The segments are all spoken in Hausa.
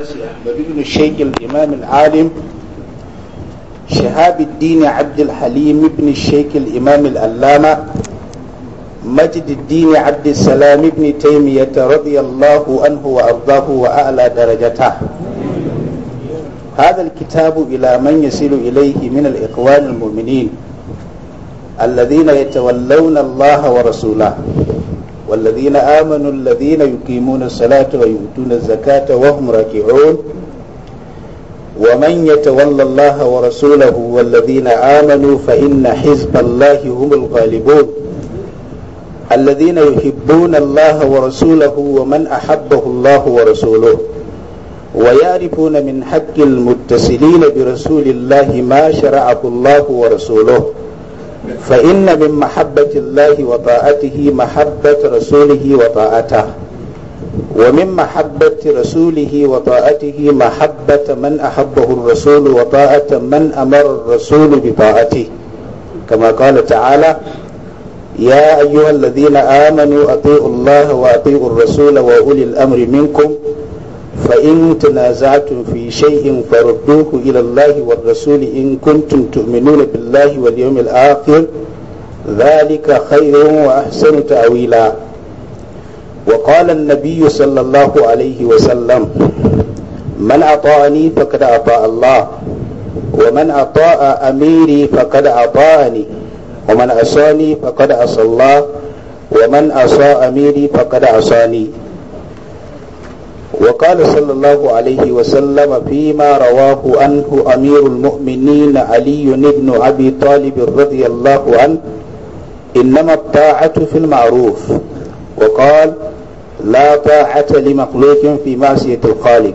أحمد بن الشيخ الإمام العالم شهاب الدين عبد الحليم بن الشيخ الإمام الألامة مجد الدين عبد السلام بن تيمية رضي الله عنه وأرضاه وأعلى درجته هذا الكتاب إلى من يصل إليه من الإخوان المؤمنين الذين يتولون الله ورسوله والذين آمنوا الذين يقيمون الصلاة ويؤتون الزكاة وهم راكعون ومن يتولى الله ورسوله والذين آمنوا فإن حزب الله هم الغالبون الذين يحبون الله ورسوله ومن أحبه الله ورسوله ويعرفون من حق المتصلين برسول الله ما شرعه الله ورسوله فإن من محبة الله وطاعته محبة رسوله وطاعته ومن محبة رسوله وطاعته محبة من أحبه الرسول وطاعة من أمر الرسول بطاعته كما قال تعالى يا أيها الذين آمنوا أطيعوا الله وأطيعوا الرسول وأولي الأمر منكم فإن تنازعتم في شيء فردوه إلى الله والرسول إن كنتم تؤمنون بالله واليوم الآخر ذلك خير وأحسن تأويلا وقال النبي صلى الله عليه وسلم من أطاعني فقد أطاع الله ومن أطاع أميري فقد أطاعني ومن أصاني فقد أصى الله ومن أصى أميري فقد أصاني وقال صلى الله عليه وسلم فيما رواه عنه أمير المؤمنين علي بن أبي طالب رضي الله عنه إنما الطاعة في المعروف وقال لا طاعة لمخلوق في معصية الخالق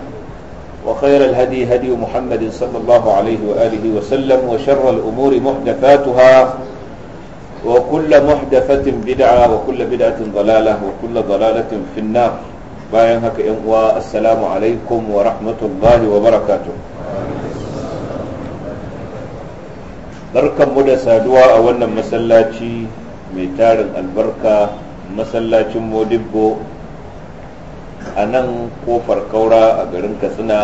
وخير الهدي هدي محمد صلى الله عليه وآله وسلم وشر الأمور محدثاتها وكل محدثة بدعة وكل بدعة ضلالة وكل ضلالة في النار bayan haka yan uwa assalamu alaikum wa rahmatullahi wa barakatu barkanmu da saduwa a wannan masallaci mai tarin albarka masallacin modibbo a nan kofar kaura a garin katsina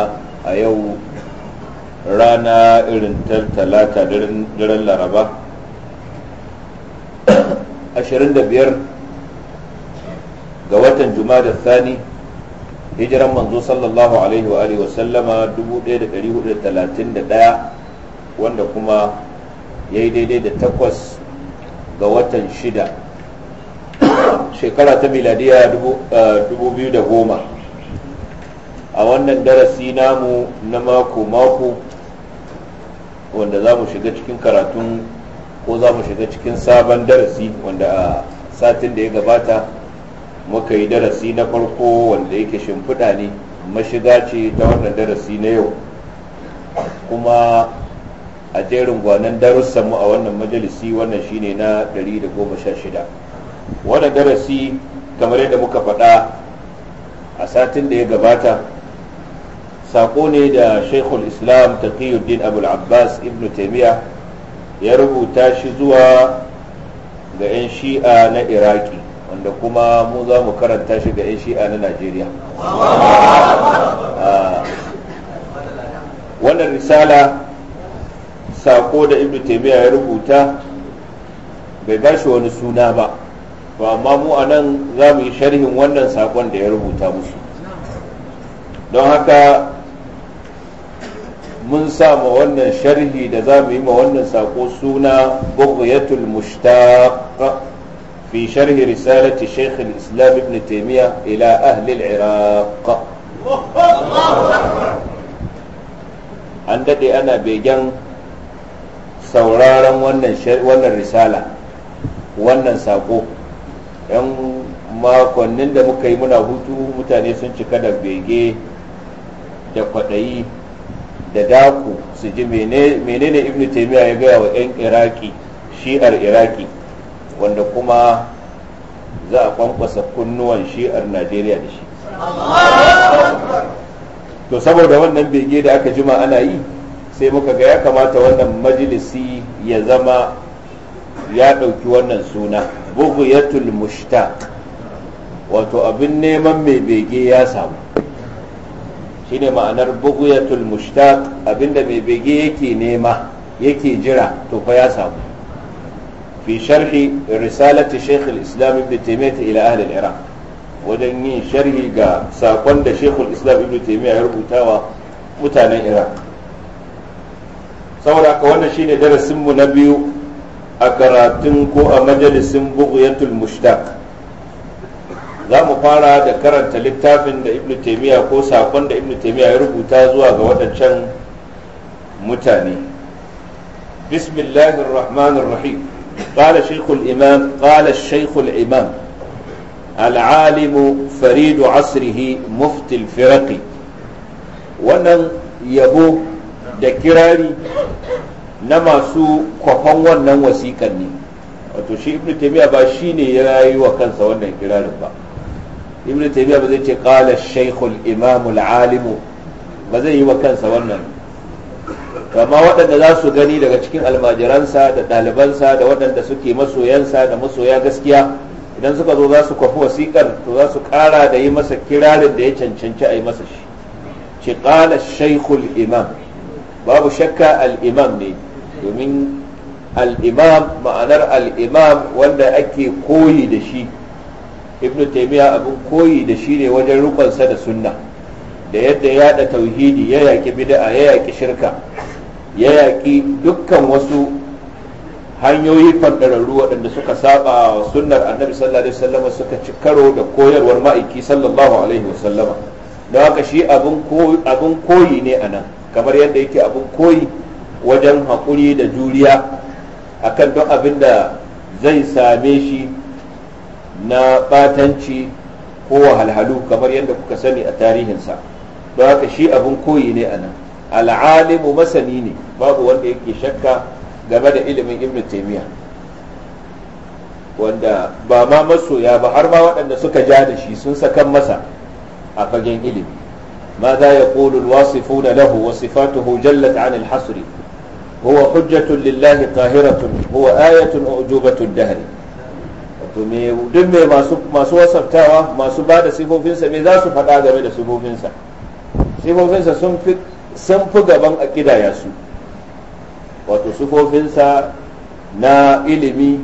a yau rana irin talata daren laraba 25 ga watan juma da sani hijiran manzo sallallahu alaihi wa alihi wasallama 1431 wanda kuma ya yi daidai da takwas ga watan shida shekara ta miladiya eh, goma a wannan darasi namu na mako-mako wanda za mu shiga cikin karatun ko za mu shiga cikin sabon darasi wanda a satin da ya gabata muka yi darasi na farko wanda yake shimfiɗa ne mashiga ce ta wannan darasi na yau kuma a jerin gwanon darussanmu a wannan majalisi wannan shine na 116 wannan darasi kamar yadda muka faɗa a satin da ya gabata saƙo ne da shaikhul islam taqiyuddin abul abbas ibn taimiyya ya rubuta shi zuwa ga 'yan shi'a na iraki wanda kuma mu za mu karanta shi ga 'yan shi'a na najeriya ah, wannan risala sako da ibn taimiyya ya rubuta bai gashi wani suna ba to amma mu a nan za mu yi sharhin wannan sakon da ya rubuta musu don haka mun sa ma wannan sharhi da za mu yi ma wannan sako suna bughyatul mushtaq fi sharhi risalati shaykh al-islam ibn taymiya ila ahli iraq an daɗe ana begen sauraron wannan risala wannan sako yan makonnin da muka yi muna hutu mutane sun cika da bege da kwaɗayi da daku su ji menene ibn taimiyya ya gaya wa 'yan iraki shi'ar iraki wanda kuma za a kwankwasa kunnuwan shi'ar najeriya da shi to saboda wannan bege da aka jima ana yi sai muka ga ya kamata wannan majalisi ya zama ya ɗauki wannan suna bughyatul mushtaq wato abin neman mai bege ya samu shine ma'anar bughyatul mushtaq abinda mai bege yake nema yake jira to fa ya samu fi sharhi risalati shaykh al-islam ibn taymiyyah ila ahli al-iraq wajen yin sharhi ga sakon da shaykh al-islam ibn taymiyyah ya rubutawa mutanen iraq saboda haka wannan shine darasin mu na biyu a karatun ko a majalisin bughyatul mushtaq za mu fara da karanta littafin da ibn taimiyya ko sakon da ibn taimiyya ya rubuta zuwa ga waɗancan mutane bismillahir rahmanir rahim qala shaykhul imam qala shaykhul imam العالم فريد عصره مفتي الفرق wannan yabo da kirari na masu kwafan wannan wasiƙar ne wato shi ibn taymiya ba shi ne ya yi wa kansa wannan kirarin ba ibn taymiya ba zai ce qala al imam al ba zai yi wa kansa wannan kama waɗanda za su gani daga cikin almajiransa da ɗalibansa da waɗanda suke masoyansa da masoya gaskiya idan suka zo za su kwafi wasiƙar to za su ƙara da yi masa kirarin da ya cancanci a yi masa shi ce ƙala shaikhul imam babu shakka al-imam ne domin al'imam ma'anar al'imam wanda ake koyi da shi ibn taimiyya abin koyi da shi ne wajen rukunsa da sunna da yadda yada tauhidi ya yaƙi bid'a ya yaƙi shirka ya yaƙi dukkan wasu hanyoyi fandararru waɗanda suka saba wa sunnar annabi sallallahu alaihi wasallama suka ci karo da koyarwar ma'aiki sallallahu alaihi wasallama don haka shi abin koyi ne a nan kamar yadda yake abin koyi wajen haƙuri da juriya akan duk abin da zai same shi na batanci ko wahalhalu kamar yadda kuka sani a tarihinsa don haka shi abin koyi ne a nan al'alimu masani ne babu wanda yake shakka game da ilimin ibn taimiyya wanda ba ma masoya ba har ma waɗanda suka ja da shi sun sakan masa a fagen ilimi ماذا يقول الواصفون له وصفاته جلت عن الحصر huwa hujjatun lillahi qahiratun huwa ayatun ujubatud dahri to me duk masu masu wasaftawa masu ba da sifofinsa me za su faɗa game da sifofinsa sifofinsa sun gaban akida ya su wato sifofinsa na ilimi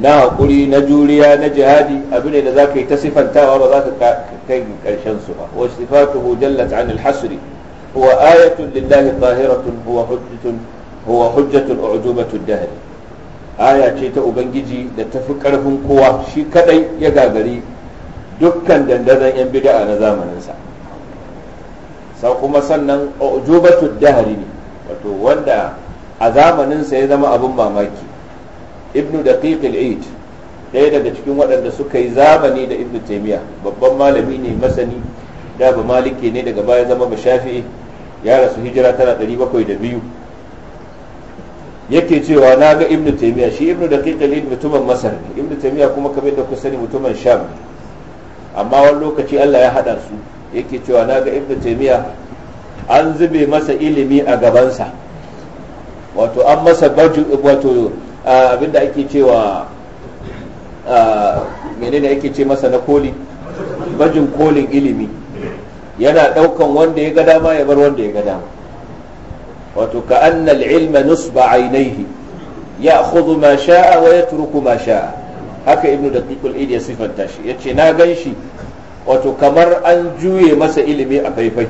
na haƙuri na juriya na jihadi abu ne da za ka yi ta sifantawa ba za ka kai ƙarshen su ba wa sifatuhu jallat anil alhasri huwa ayatun lillahi qahiratun huwa hujjatun huwa hujjatul ujubatud dahr aya ce ta ubangiji da tafi karfin kowa shi kaɗai ya gagari dukkan dandazon yan bid'a na zamaninsa sau kuma sannan ujubatud dahr ne wato wanda a zamaninsa ya zama abin mamaki ibnu daqiq al daya daga cikin waɗanda suka yi zamani da ibnu taymiya babban malami ne masani da ba maliki ne daga baya zama ba shafi'i ya rasu hijira tana da biyu. yake cewa na ga ibnu taymiya shi ibnu daqiq al mutumin masar ne ibnu taymiya kuma kamar da ku sani mutumin sham ne amma wani lokaci Allah ya hada su yake cewa na ga ibnu taymiya an zube masa ilimi a gabansa wato an masa baju wato abinda ake cewa menene ake ce masa na koli bajin kolin ilimi yana ɗaukan wanda ya ga dama ya bar wanda ya ga dama wato ka annal ilma nusba ainihi ya khudhu ma sha'a wa yatruku ma sha'a haka ibnu daqiqul idi ya sifanta shi yace na ganshi wato kamar an juye masa ilimi a faifai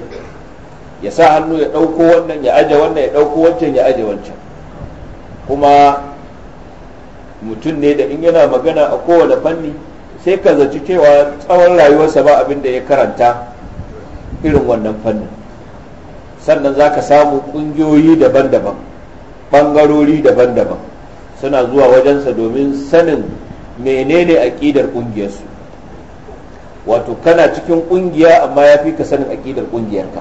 ya sa hannu ya dauko wannan ya aje wannan ya dauko wancan ya aje wancan kuma mutum ne da in yana magana a kowane fanni sai ka zaci cewa tsawon rayuwarsa ba abin da ya karanta irin wannan fannin sannan za ka samu ƙungiyoyi daban-daban ɓangarori daban-daban suna zuwa wajensa domin sanin menene aƙidar ƙungiyarsu wato kana cikin ƙungiya amma ya fi ka sanin aƙidar ƙungiyarka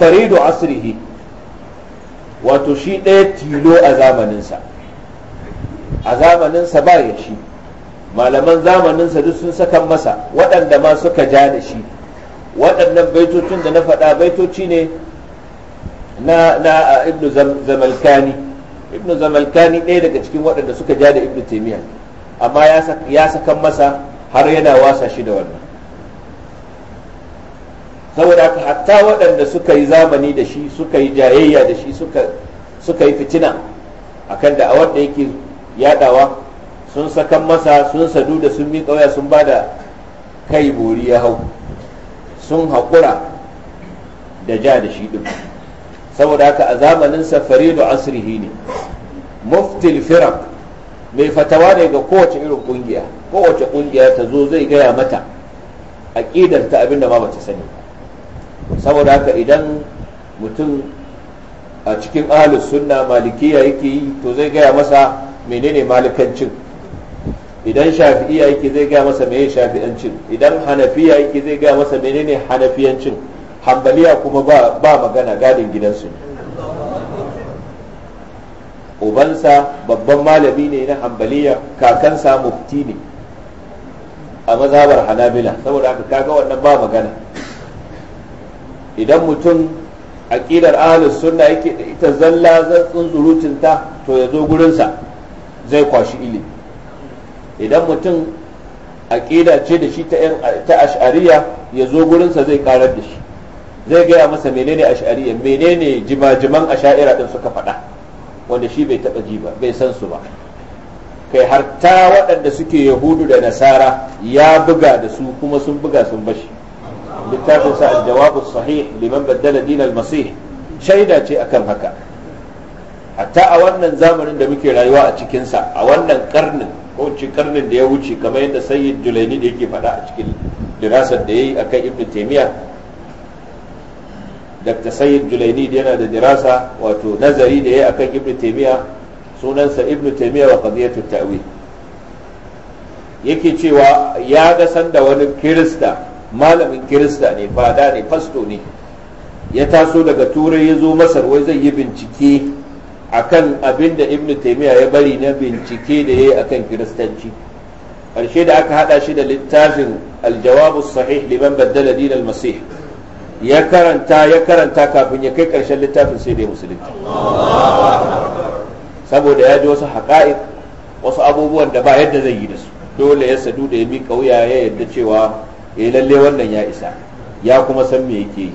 faridu asrihi wato shi ɗaya tilo a zamaninsa a zamaninsa ba ya shi malaman zamaninsa duk sun saka masa waɗanda ma suka ja da shi waɗannan baitocin da na faɗa baitoci ne na na ibnu zamalkani ibnu zamalkani ɗaya daga cikin waɗanda suka ja da ibnu taimiya amma ya saka masa har yana wasa shi da wannan saboda haka hatta waɗanda suka yi zamani da shi suka yi jayayya da shi suka yi fitina akan da a wanda yake yadawa sun sakan masa sun sadu da sun miƙa waya sun bada kai bori ya hau sun haƙura da ja da shi ɗin saboda haka a zamanin da asrihi ne muftil firak mai fatawa ne ga kowace irin ƙungiya kowace ƙungiya ta zo zai gaya mata a ƙidar ta abinda ma bata sani saboda haka idan mutum a cikin ahlus sunna malikiya yake yi to zai gaya masa menene malikancin idan shafi'iya yake zai gaya masa meye shafi'ancin idan hanafiya yake zai gaya masa menene hanafiyancin hambaliya kuma ba magana gadin gidansu ubansa babban malami ne na hambaliya kakansa mufti ne a mazhabar hanabila saboda haka kaga wannan ba magana idan mutum aƙidar ahlus sunna yake da ita zalla zan tsurutunta to ya zo gurinsa zai kwashi ilimi idan mutum aƙida ce da shi ta ash'ariya ya zo gurinsa zai karar da shi zai gaya masa menene ash'ariya menene jimajiman ash'ira din suka faɗa wanda shi bai taɓa ji ba bai san su ba kai har ta waɗanda suke yahudu da nasara ya buga da su kuma sun buga sun bashi littafin sa aljawabu sahih liman baddala din almasih shaida ce akan haka hatta a wannan zamanin da muke rayuwa a cikinsa a wannan karnin wancan karnin da ya wuce kamar yadda sayyid julaini da yake faɗa a cikin dirasar da ya yi kan ibn taimiyya dr sayyid julaini yana da dirasa wato nazari da ya yi kan ibn taimiyya sunansa ibn taimiyya wa qadiyatu ta'wil yake cewa ya ga sanda wani kirista malamin kirista ne fada ne fasto ne ya taso daga turai ya zo masar wai zai yi bincike akan abin da ibn taimiyya ya bari na bincike da ya akan kiristanci ƙarshe da aka hada shi da littafin aljawabu sahih liman baddala dinal masih ya karanta ya karanta kafin ya kai karshen littafin sai dai musulunci saboda ya ji wasu haƙa'iq wasu abubuwan da ba yadda zai yi da su dole ya sadu da ya miƙa wuya ya yadda cewa ya eh, lalle wannan ya isa ya kuma san me yake yi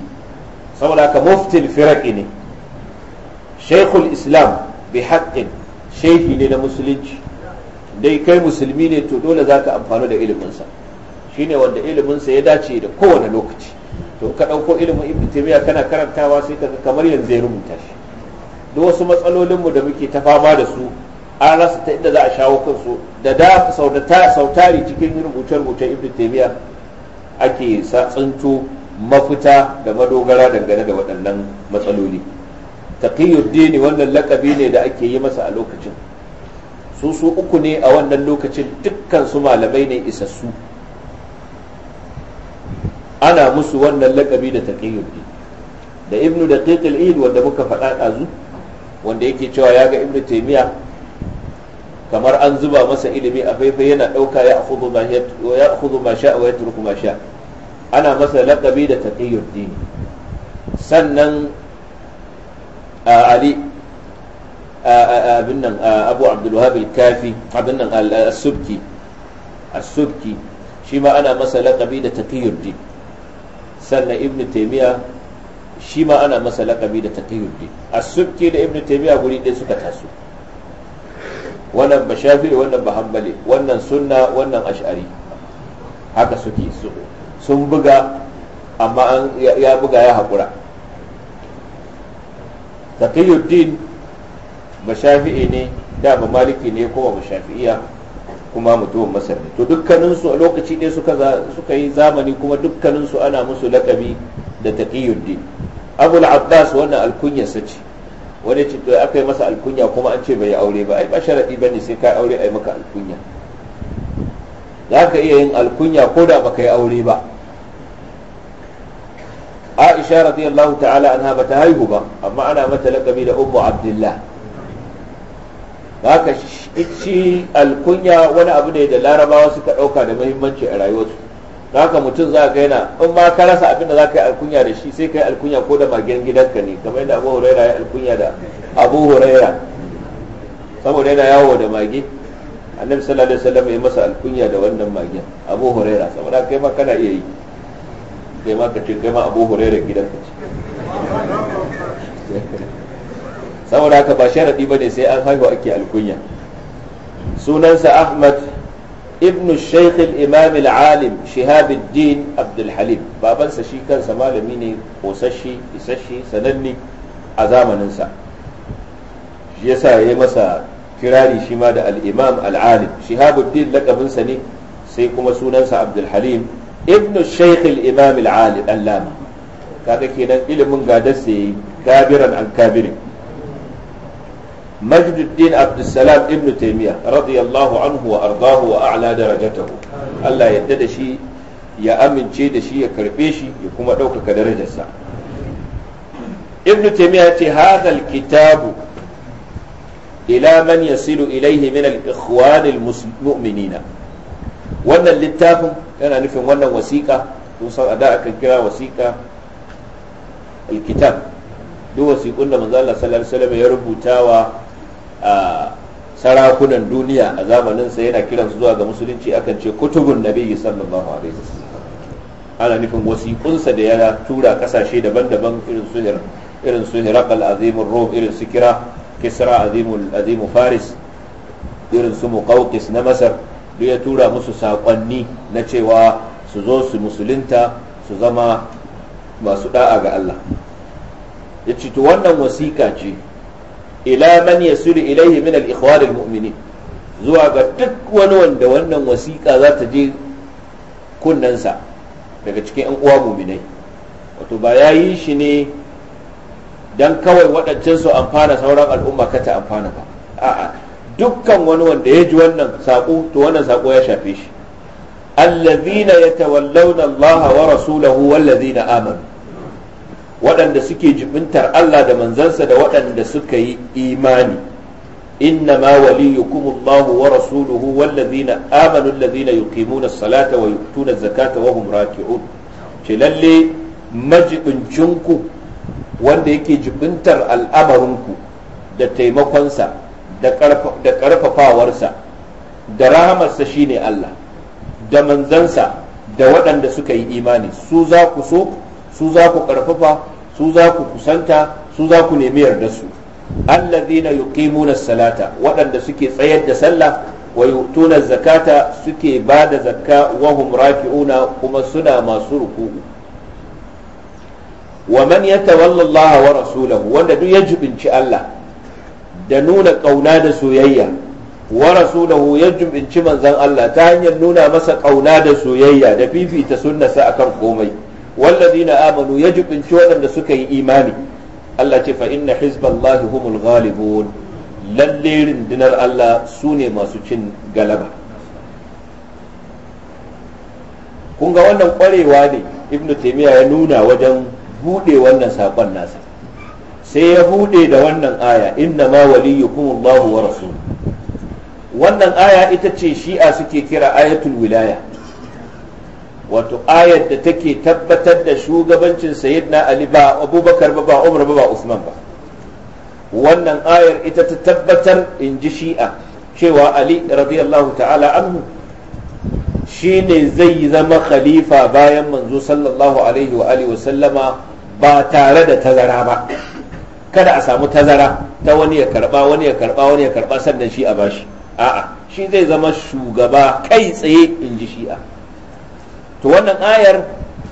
saboda haka muftil firaqi ne shaikhul islam bi haqqin shehi ne na musulunci dai kai musulmi ne to dole zaka amfana amfani da iliminsa shine wanda iliminsa ya dace da kowane lokaci to ka ɗauko ilimin ibn taymiya kana karantawa sai ka kamar yanzu ya rubuta shi duk wasu matsalolin mu da muke ta fama da su an rasa ta inda za a shawo kansu da da sautari cikin rubuce-rubucen ibn taymiya ake tsinto mafita da madogara dangane da waɗannan matsaloli taqiyuddin wannan lakabi ne da ake yi masa a lokacin su su uku ne a wannan lokacin dukkan su malamai ne isassu ana musu wannan lakabi da taqiyuddin da ibnu daqiq al-eid wanda muka faɗa ɗazu wanda yake cewa ya ga ibnu taymiya kamar an zuba masa ilimi a faifai yana ɗauka ya akhudhu ma sha wa yatruku ma sha ana masa lakabi da taqiyuddin sannan ali abin nan abu abdulwahab al-kafi abin nan al-subki al-subki shi ma ana masa laqabi da da taqiyuddin as-subki da ibnu guri ɗaya suka taso wannan ba shafi'i wannan ba hanbali wannan sunna wannan ash'ari sun buga amma ya buga ya haƙura taqiyuddin shafi'i ne da ba maliki ne ko ba shafi'iya kuma mutumin masar ne to dukkaninsu a lokaci ne suka yi zamani kuma dukkaninsu ana musu lakabi da taqiyuddin abul abbas wannan alkunyarsa ce wani ce to aka yi masa alkunya kuma an ce bai aure ba ai ba sharadi bane sai kai aure ai maka alkunya za ka iya yin alkunya ko da baka yi aure ba aisha radiyallahu ta'ala anha bata haihu ba amma ana mata lakabi da ummu abdullah haka shi alkunya wani abu ne da larabawa suka ɗauka da muhimmanci a rayuwarsu haka mutum za ka yana in ma ka rasa abin da za ka yi alkunya da shi sai ka yi alkunya ko da magen gidanka ne kamar yadda abu huraira ya alkunya da abu huraira saboda yana yawo da mage annabi sallallahu alaihi wasallam ya masa alkunya da wannan magen abu huraira saboda kai ma kana iya yi sai ma ka ce kai ma abu hurairar ka ce saboda haka ba sharaɗi ba ne sai an haihu ake alkunya sunansa ahmad ibnu shaykh al-imam al-alim shihabuddin abdul babansa shi kansa malami ne kosashi isashi sananni a zamaninsa shi yasa ya masa kirari shi ma da al-imam al-alim shihabuddin lakabinsa ne sai kuma sunansa abdulhalim. halim ابن الشيخ الامام العالم علامه kaga kenan ilimin gadar sa yayi gabiran an kabirin majduddin abdussalam ibnu taymiya radiyallahu anhu wa ardahu wa a'la darajatahu Allah ya da shi ya amince da shi ya karbe shi ya kuma daukaka darajarsa ibn taymiya ce hadha alkitab ila man yasilu ilayhi min al-ikhwan al-mu'minina wannan littafin yana nufin wannan wasiƙa kusan a da aka kira wasiƙa alkitab duk wasiƙun da manzo Allah sallallahu alaihi wasallam ya rubuta wa sarakunan duniya a zamanin sa yana kiran su zuwa ga musulunci akan ce kutubun nabiyyi sallallahu alaihi wasallam ana nufin wasiƙunsa da ya tura kasashe daban-daban irin su irin su Hiraqal azimur Rum irin su Kira Kisra azimu Faris irin su Muqawqis na Masar duk ya tura musu saƙonni na cewa su zo su musulunta su zama masu da'a ga Allah ya ce to wannan wasiƙa ce ila man yasuru ilaihi min al-ikhwan al-mu'minin zuwa ga duk wani wanda wannan wasiƙa za ta je kunnensa daga cikin 'yan uwa muminai wato ba ya yi shi ne dan kawai waɗancan su amfana sauran al'umma kata amfana ba a'a dukkan wani wanda ya ji wannan saƙo to wannan saƙo ya shafe shi allazina yatawallawna Allah wa rasulahu wallazina amanu waɗanda suke jibintar Allah da manzansa da waɗanda suka yi imani inna ma waliyukum Allah wa rasuluhu wallazina amanu allazina yuqimuna as-salata wa yu'tuna az-zakata wa hum raki'un ce lalle majibincinku wanda yake jibintar al'amarinku da taimakonsa da ƙarfafawarsa da rahamarsa shine Allah da manzansa da waɗanda suka yi imani su za ku so su za ku ƙarfafa su za ku kusanta su za ku nemi yarda su allazina yuqimuna salata waɗanda suke tsayar da sallah wa yu'tuna zakata suke ba da zakka wa hum kuma suna masu ruku'u wa man yatawalla Allah wa rasulahu wanda duk ya jibinci Allah da nuna ƙauna da soyayya wa rasulahu ya jubinci manzan Allah ta hanyar nuna masa ƙauna da soyayya da fifita sunnasa akan komai wallazina amanu ya jubinci waɗanda suka yi imani Allah ce fa inna hizballahi humul ghalibun lalle rundunar Allah su ne masu cin galaba kun ga wannan kwarewa ne ibnu taymiya ya nuna wajen bude wannan sakon nasa sai ya bude da wannan aya inna ma kuma Allah wa rasul wannan aya ita ce shi'a suke kira ayatul wilaya wato ayar da take tabbatar da shugabancin sayyidina ali ba abubakar ba ba umar ba ba usman ba wannan ayar ita ta tabbatar in ji shi'a cewa ali radiyallahu ta'ala anhu shi ne zai zama khalifa bayan manzo sallallahu alaihi wa alihi ba tare da tazara ba kada a samu tazara ta wani ya karba wani ya karba wani ya karba sannan shi a bashi a'a shi zai zama shugaba kai tsaye in ji shi'a to wannan ayar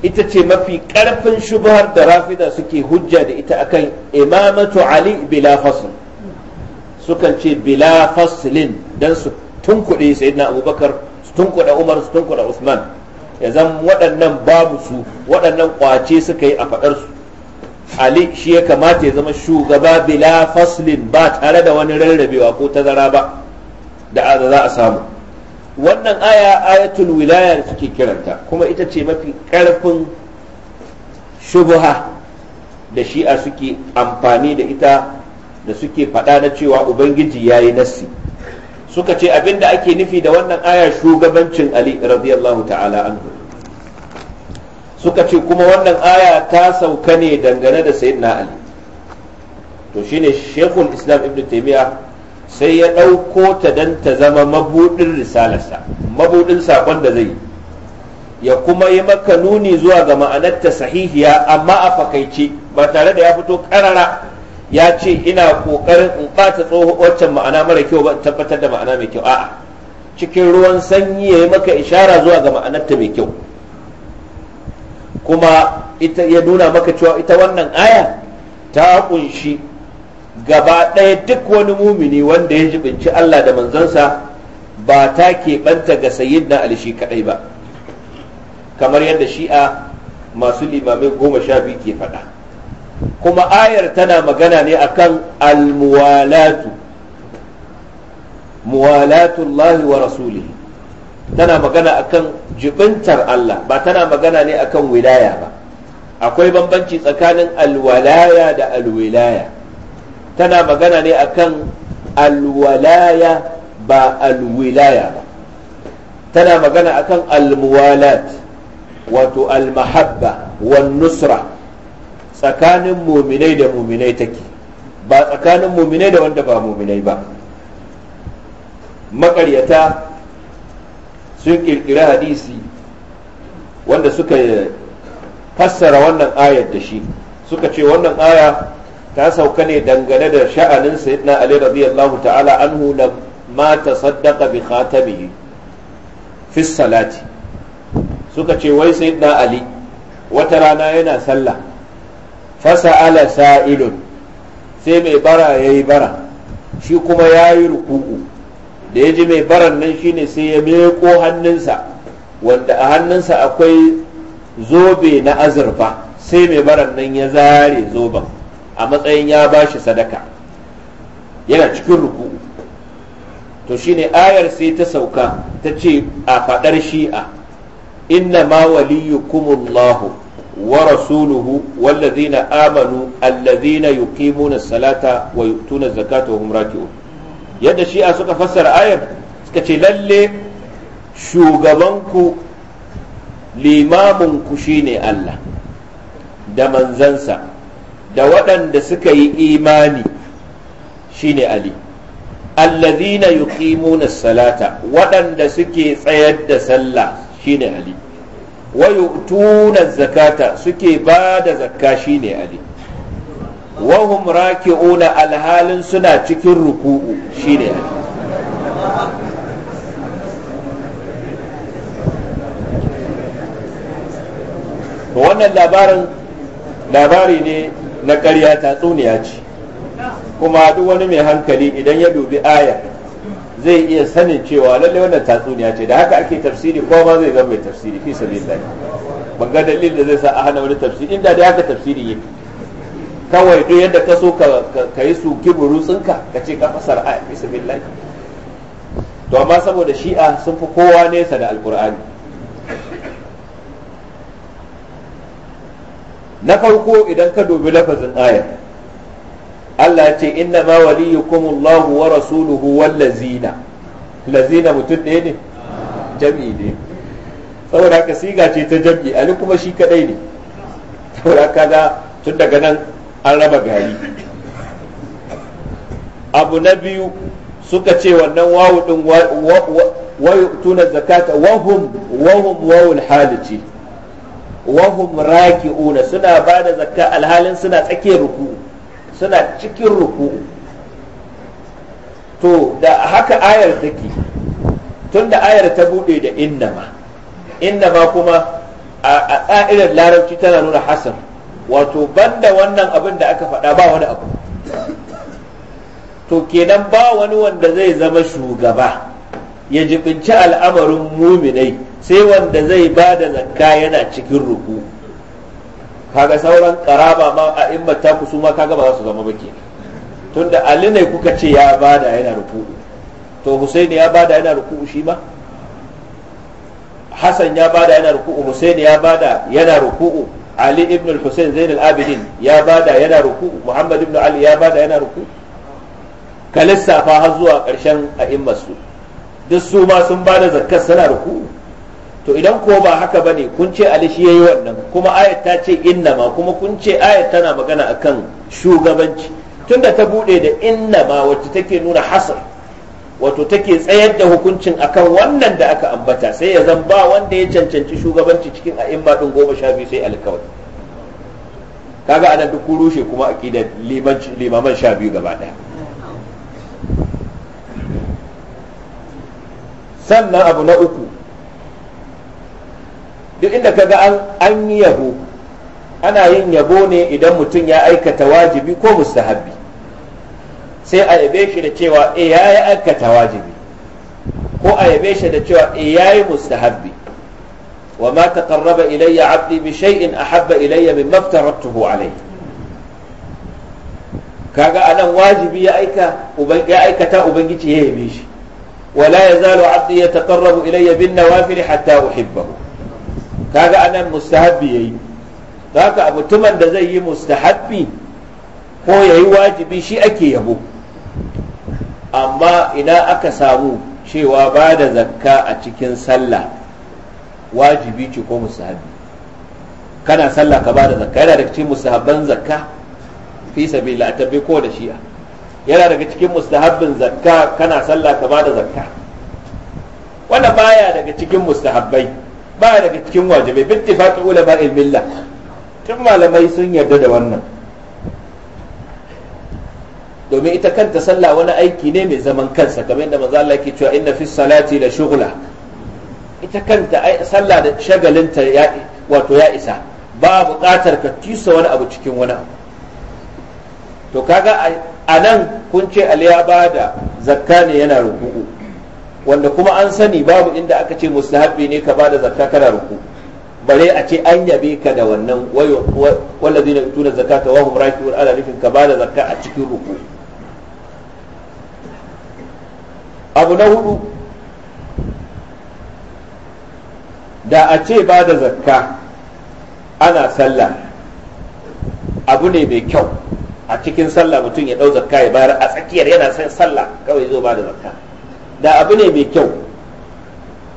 ita ce mafi karfin shubhar da rafida suke hujja da ita akan imamatu ali bila fasl sukan ce bila faslin dan su tunkuɗe sayyidina abubakar su tunkuɗe umar su tunkuɗe usman ya zan waɗannan babu su waɗannan kwace suka yi a faɗarsu. ali shi ya kamata ya zama shugaba bila faslin ba tare da wani rarrabewa ko tazara ba da za a samu wannan aya ayatul wilaya da suke kiranta kuma ita ce mafi ƙarfin shubha da shi'a suke amfani da ita da suke faɗa na cewa ubangiji ya yi nassi suka ce abinda ake nufi da wannan aya shugabancin ali radiyallahu ta'ala anhu suka ce kuma wannan aya ta sauka ne dangane da sayyidina ali to shine shekul islam ibn taimiya sai ya ɗauko ta dan ta zama mabudin risalarsa mabudin saƙon da zai ya kuma yi maka nuni zuwa ga ma'anarta sahihiya amma a fakaice ba tare da ya fito karara ya ce ina ƙoƙarin in bata tsoho waccan ma'ana mara kyau ba tabbatar da ma'ana mai kyau a'a cikin ruwan sanyi ya yi maka ishara zuwa ga ma'anarta mai kyau kuma ita ya nuna maka cewa ita wannan aya ta kunshi gaba ɗaya duk wani mumini wanda ya jibinci Allah da manzansa ba ta ke keɓanta ga sayyidina Ali shi kaɗai ba kamar yadda shi'a masu limamai goma sha biyu ke faɗa kuma ayar tana magana ne akan almuwalatu muwalatullahi wa rasulihi tana magana akan jibintar Allah ba tana magana ne akan wilaya ba akwai bambanci tsakanin alwalaya da alwilaya tana magana ne akan alwalaya ba alwilaya ba tana magana akan almuwalat wato almahabba wan nusra tsakanin muminai da muminai take ba tsakanin muminai da wanda ba muminai ba maƙaryata sun kirkiri hadisi wanda suka fassara wannan ayar da shi suka ce wannan aya ta sauka ne dangane da sha'anin sayyidina ali radiyallahu ta'ala anhu hula ma tasaddaqa bi khatamihi fi salati suka ce wai sayyidina ali wata rana yana sallah fasa'ala sa'ilun sai mai bara yayi bara shi kuma yayi ruku'u da ya ji mai baran nan shine sai ya meko hannunsa wanda a hannunsa akwai zobe na azurfa sai mai baran nan ya zare zoben a matsayin ya ba shi sadaka yana cikin ruku to shine ayar sai ta sauka ta ce a faɗar shi'a inna ma waliyukumullahu wa rasuluhu wallazina amanu allazina yuqimuna salata wa yu'tuna zakata wa hum raki'un yadda shi'a suka fassara ayar suka ce lalle shugabanku limaminku shine Allah da manzansa da waɗanda suka yi imani shine Ali allazina yuqimuna salata waɗanda suke tsayar da sallah shine Ali wa yu'tuna zakata suke ba da zakka shine Ali wahum raki'una alhalin suna cikin ruku'u shine to wannan labarin labari ne na ƙarya tatsuniya ce kuma duk wani mai hankali idan ya dubi aya zai iya sanin cewa lallai wannan tatsuniya ce da haka ake tafsiri ko ma zai zama mai tafsiri fi sabilillah ban ga dalilin da zai sa a hana wani tafsiri inda da haka tafsiri yake kawai duk yadda ka so ka yi su kiburutsinka ka ce ka fasara a bismillah to amma saboda shi'a sun fi kowa nesa da alkur'ani na farko idan ka dubi lafazin aya Allah ya ce inna ma waliyukum Allah wa rasuluhu wal lazina lazina mutum ne ne jam'i ne saboda haka siga ce ta jami'i ali kuma shi kadai ne saboda kaga tun daga nan an raba gari abu na biyu suka ce wannan wawu din wayutuna zakata wahum wahum wawul halici wahum raki'una suna ba zakka alhalin suna tsakiyar ruku suna cikin ruku'u to da haka ayar take tun da ayar ta bude da innama innama kuma a tsa'irar larabci tana nuna hasan wato banda wannan abin da aka faɗa ba wani abu to kenan ba wani wanda zai zama shugaba ya jibinci al'amarin muminai sai wanda zai ba da zakka yana cikin ruku kaga sauran karaba ma a in ta ku su ma kaga ba za su zama ba ke tunda ali ne kuka ce ya bada yana ruku to husaini ya bada yana ruku shi ma hasan ya bada yana ruku husaini ya da yana ruku'u ali ibn al-husayn zain al-abidin ya bada yana ruku muhammad ibn ali ya bada yana ruku ka lissafa har zuwa karshen a'immar su duk su ma sun bada zakkar suna ruku to idan ko ba haka bane kun ce ali shi yayi wannan kuma ayat ta ce inna ma kuma kun ce ayat tana magana akan shugabanci tunda ta bude da inna ma wacce take nuna hasar wato take tsayar da hukuncin akan wannan da aka ambata sai ya zan ba wanda ya cancanci shugabanci cikin imma din goma sha biyu sai alkawari kaga anan duk rushe kuma a ƙidar limaman sha biyu gaba ɗaya sannan abu na uku duk inda kaga an an yi yabo ana yin yabo ne idan mutum ya aikata wajibi ko mustahabbi sai a yabe shi da cewa e eh, yayi aikata wajibi ko a yabe shi da cewa e ya yi mustahabbi wa ma taqarraba ilayya 'abdi bi shay'in ahabba ilayya mimma aftaratuhu alayhi kaga anan wajibi ya aika uban ya aikata ubangiji ya yabe shi wala yazalu 'abdi yataqarrabu ilayya bin nawafil hatta uhibbahu kaga anan mustahabbi yayi haka mutumin da zai yi mustahabbi ko ya yi wajibi shi ake yabo amma idan aka samu cewa ba da zakka a cikin sallah wajibi ce ko musahabi kana sallah ka ba da zakka yana daga cikin musahabban zakka fi sabila tabbai ko da shi'a yana daga cikin mustahabbin zakka kana sallah ka ba da zakka wanda baya daga cikin mustahabbai baya daga cikin wajibai bittifaqi ulama al-milla tun malamai sun yarda da wannan domin ita kanta sallah wani aiki ne mai zaman kansa kamar yadda manzo Allah yake cewa inna fi salati la shughla ita kanta sallah da shagalinta ya wato ya isa ba buƙatar ka tisa wani abu cikin wani abu to kaga a nan kun ce aliya ya bada zakka ne yana ruku'u wanda kuma an sani babu inda aka ce mustahabbi ne ka bada da zakka kana ruku bare a ce an yabe ka da wannan wayo wallazina yutuna zakata wa hum raki'un ala rifin ka bada zakka a cikin ruku'u abu na hudu da a ce ba da zakka ana sallah abu ne mai kyau a cikin sallah mutum ya ɗau zakka ya bayar a tsakiyar yana san sallah kawai zo ba da zakka da abu ne mai kyau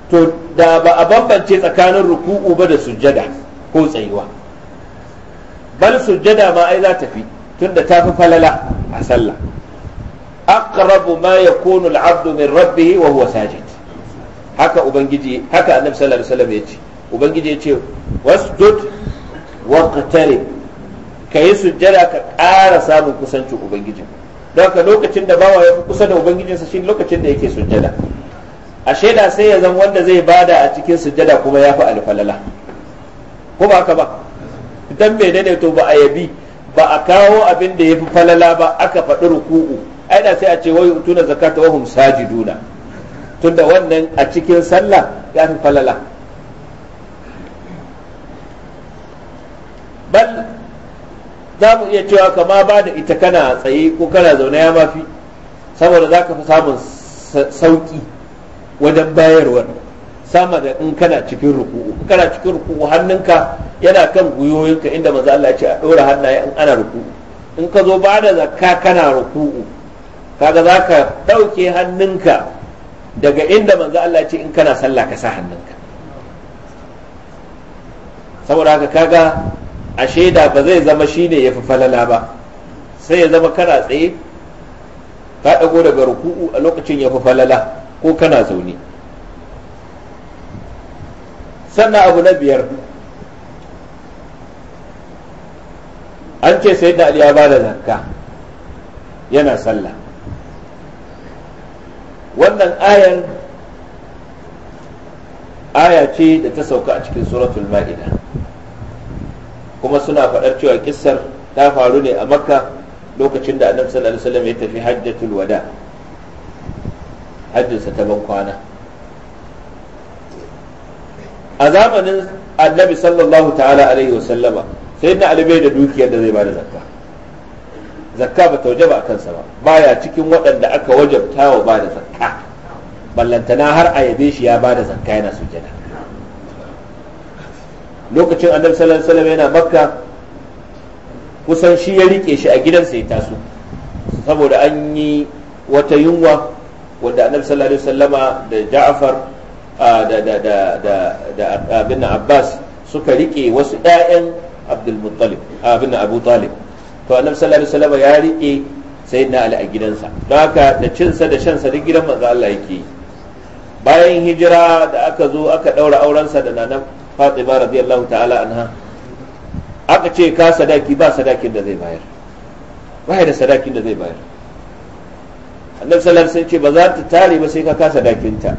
to da ba a bambance tsakanin ruku'u ba da sujjada ko tsayuwa bal sujjada ma ai za ta fi tunda ta fi falala a sallah aqrabu ma yakunu al-'abdu min rabbih wa huwa sajid haka ubangiji haka annabi sallallahu alaihi wasallam yace ubangiji yace wasjud waqtarib kayi sujjada ka ƙara samun kusancin ubangiji don ka lokacin da bawa ya fi kusa da ubangijinsa shi lokacin da yake sujjada a shaida sai ya zan wanda zai bada a cikin sujjada kuma ya fi alfalala ko ba haka bai dan menene to ba a yabi ba a kawo abin da ya fi falala ba aka faɗi ruku'u aina sai a ce wai tuna zakata wa hum sajiduna tunda wannan a cikin sallah ya fi falala bal za mu iya cewa kama ba da ita kana tsaye ko kana zaune ya mafi saboda za ka fi samun sauki wajen bayarwar sama da in kana cikin ruku'u kana cikin ruku'u hannunka yana kan guyoyinka inda maza Allah ya ce a ɗora hannaye in ana ruku'u in ka zo ba da zakka kana ruku'u kaga za ka ɗauke hannunka daga inda manzo Allah ce in kana sallah ka sa hannunka saboda haka kaga a shaida ba zai zama shine ya fi falala ba sai ya zama kana tsaye ka ɗago daga ruku'u a lokacin ya fi falala ko kana zaune sannan abu na biyar an ce sai da ya ba da zakka yana sallah wannan ayar aya ce da ta sauka a cikin suratul ma'ida kuma suna faɗar cewa kissar ta faru ne a makka lokacin da annabi sallallahu alaihi wasallam ya tafi hajjatul wada hajjinsa ta ban kwana a zamanin annabi sallallahu ta'ala alaihi wasallama sai na alibai da dukiyar da zai ba da zakka zakka ba ta wajaba a kansa ba baya cikin waɗanda aka wajabta wa ba da zakka ballantana har a yabe shi ya ba da zakka yana sujjada lokacin annabi sallallahu alaihi yana makka kusan shi ya rike shi a gidansa ya taso saboda an yi wata yunwa wanda annabi sallallahu alaihi wasallama da Ja'far da da da da da Abbas suka rike wasu ɗayan Abdul Muttalib abin Abu Talib to annabi sallallahu alaihi wasallam ya rike sayyidina ali a gidansa don haka da cinsa da shansa duk gidan manzo Allah yake yi bayan hijira da aka zo aka daura aurensa da nana fatima radiyallahu ta'ala anha aka ce ka sadaki ba sadakin da zai bayar ba da sadakin da zai bayar annabi sallallahu alaihi ce ba za ta tare ba sai ka kasa dakinta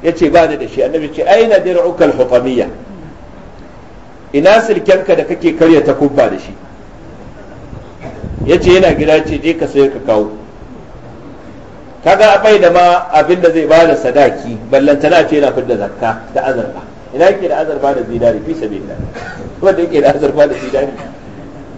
yace ba ni da shi annabi ce aina dir'uka al-hutamiyya ina silkenka da kake karya ta kubba da shi ya ce yana gida ce je ka sayar ka kawo kaga bai da ma abin da zai bada sadaki ballantana ce yana fidda zakka da azurfa ina yake da azurfa da zinari fi sabilillah wanda yake da azurfa da zinari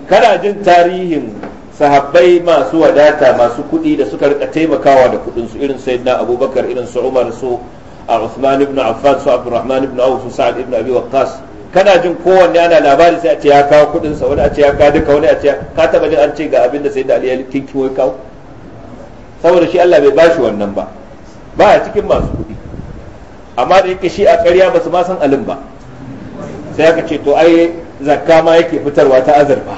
kana jin tarihin sahabbai masu wadata masu kuɗi da suka rika taimakawa da kuɗin su irin sayyidina abubakar irin su umar su a usman ibn affan su abdurrahman ibn auf su sa'ad ibn abi waqqas kana jin kowanne ana labari sai a ce ya kawo kudin sa wani a ce ya kawo duka wani a ce ka taba jin an ce ga abin da sai da aliyar kinki wai kawo saboda shi Allah bai bashi wannan ba ba a cikin masu kudi amma da yake shi a ƙarya ba su ma san alin ba sai aka ce to ai zakka ma yake fitarwa ta azurfa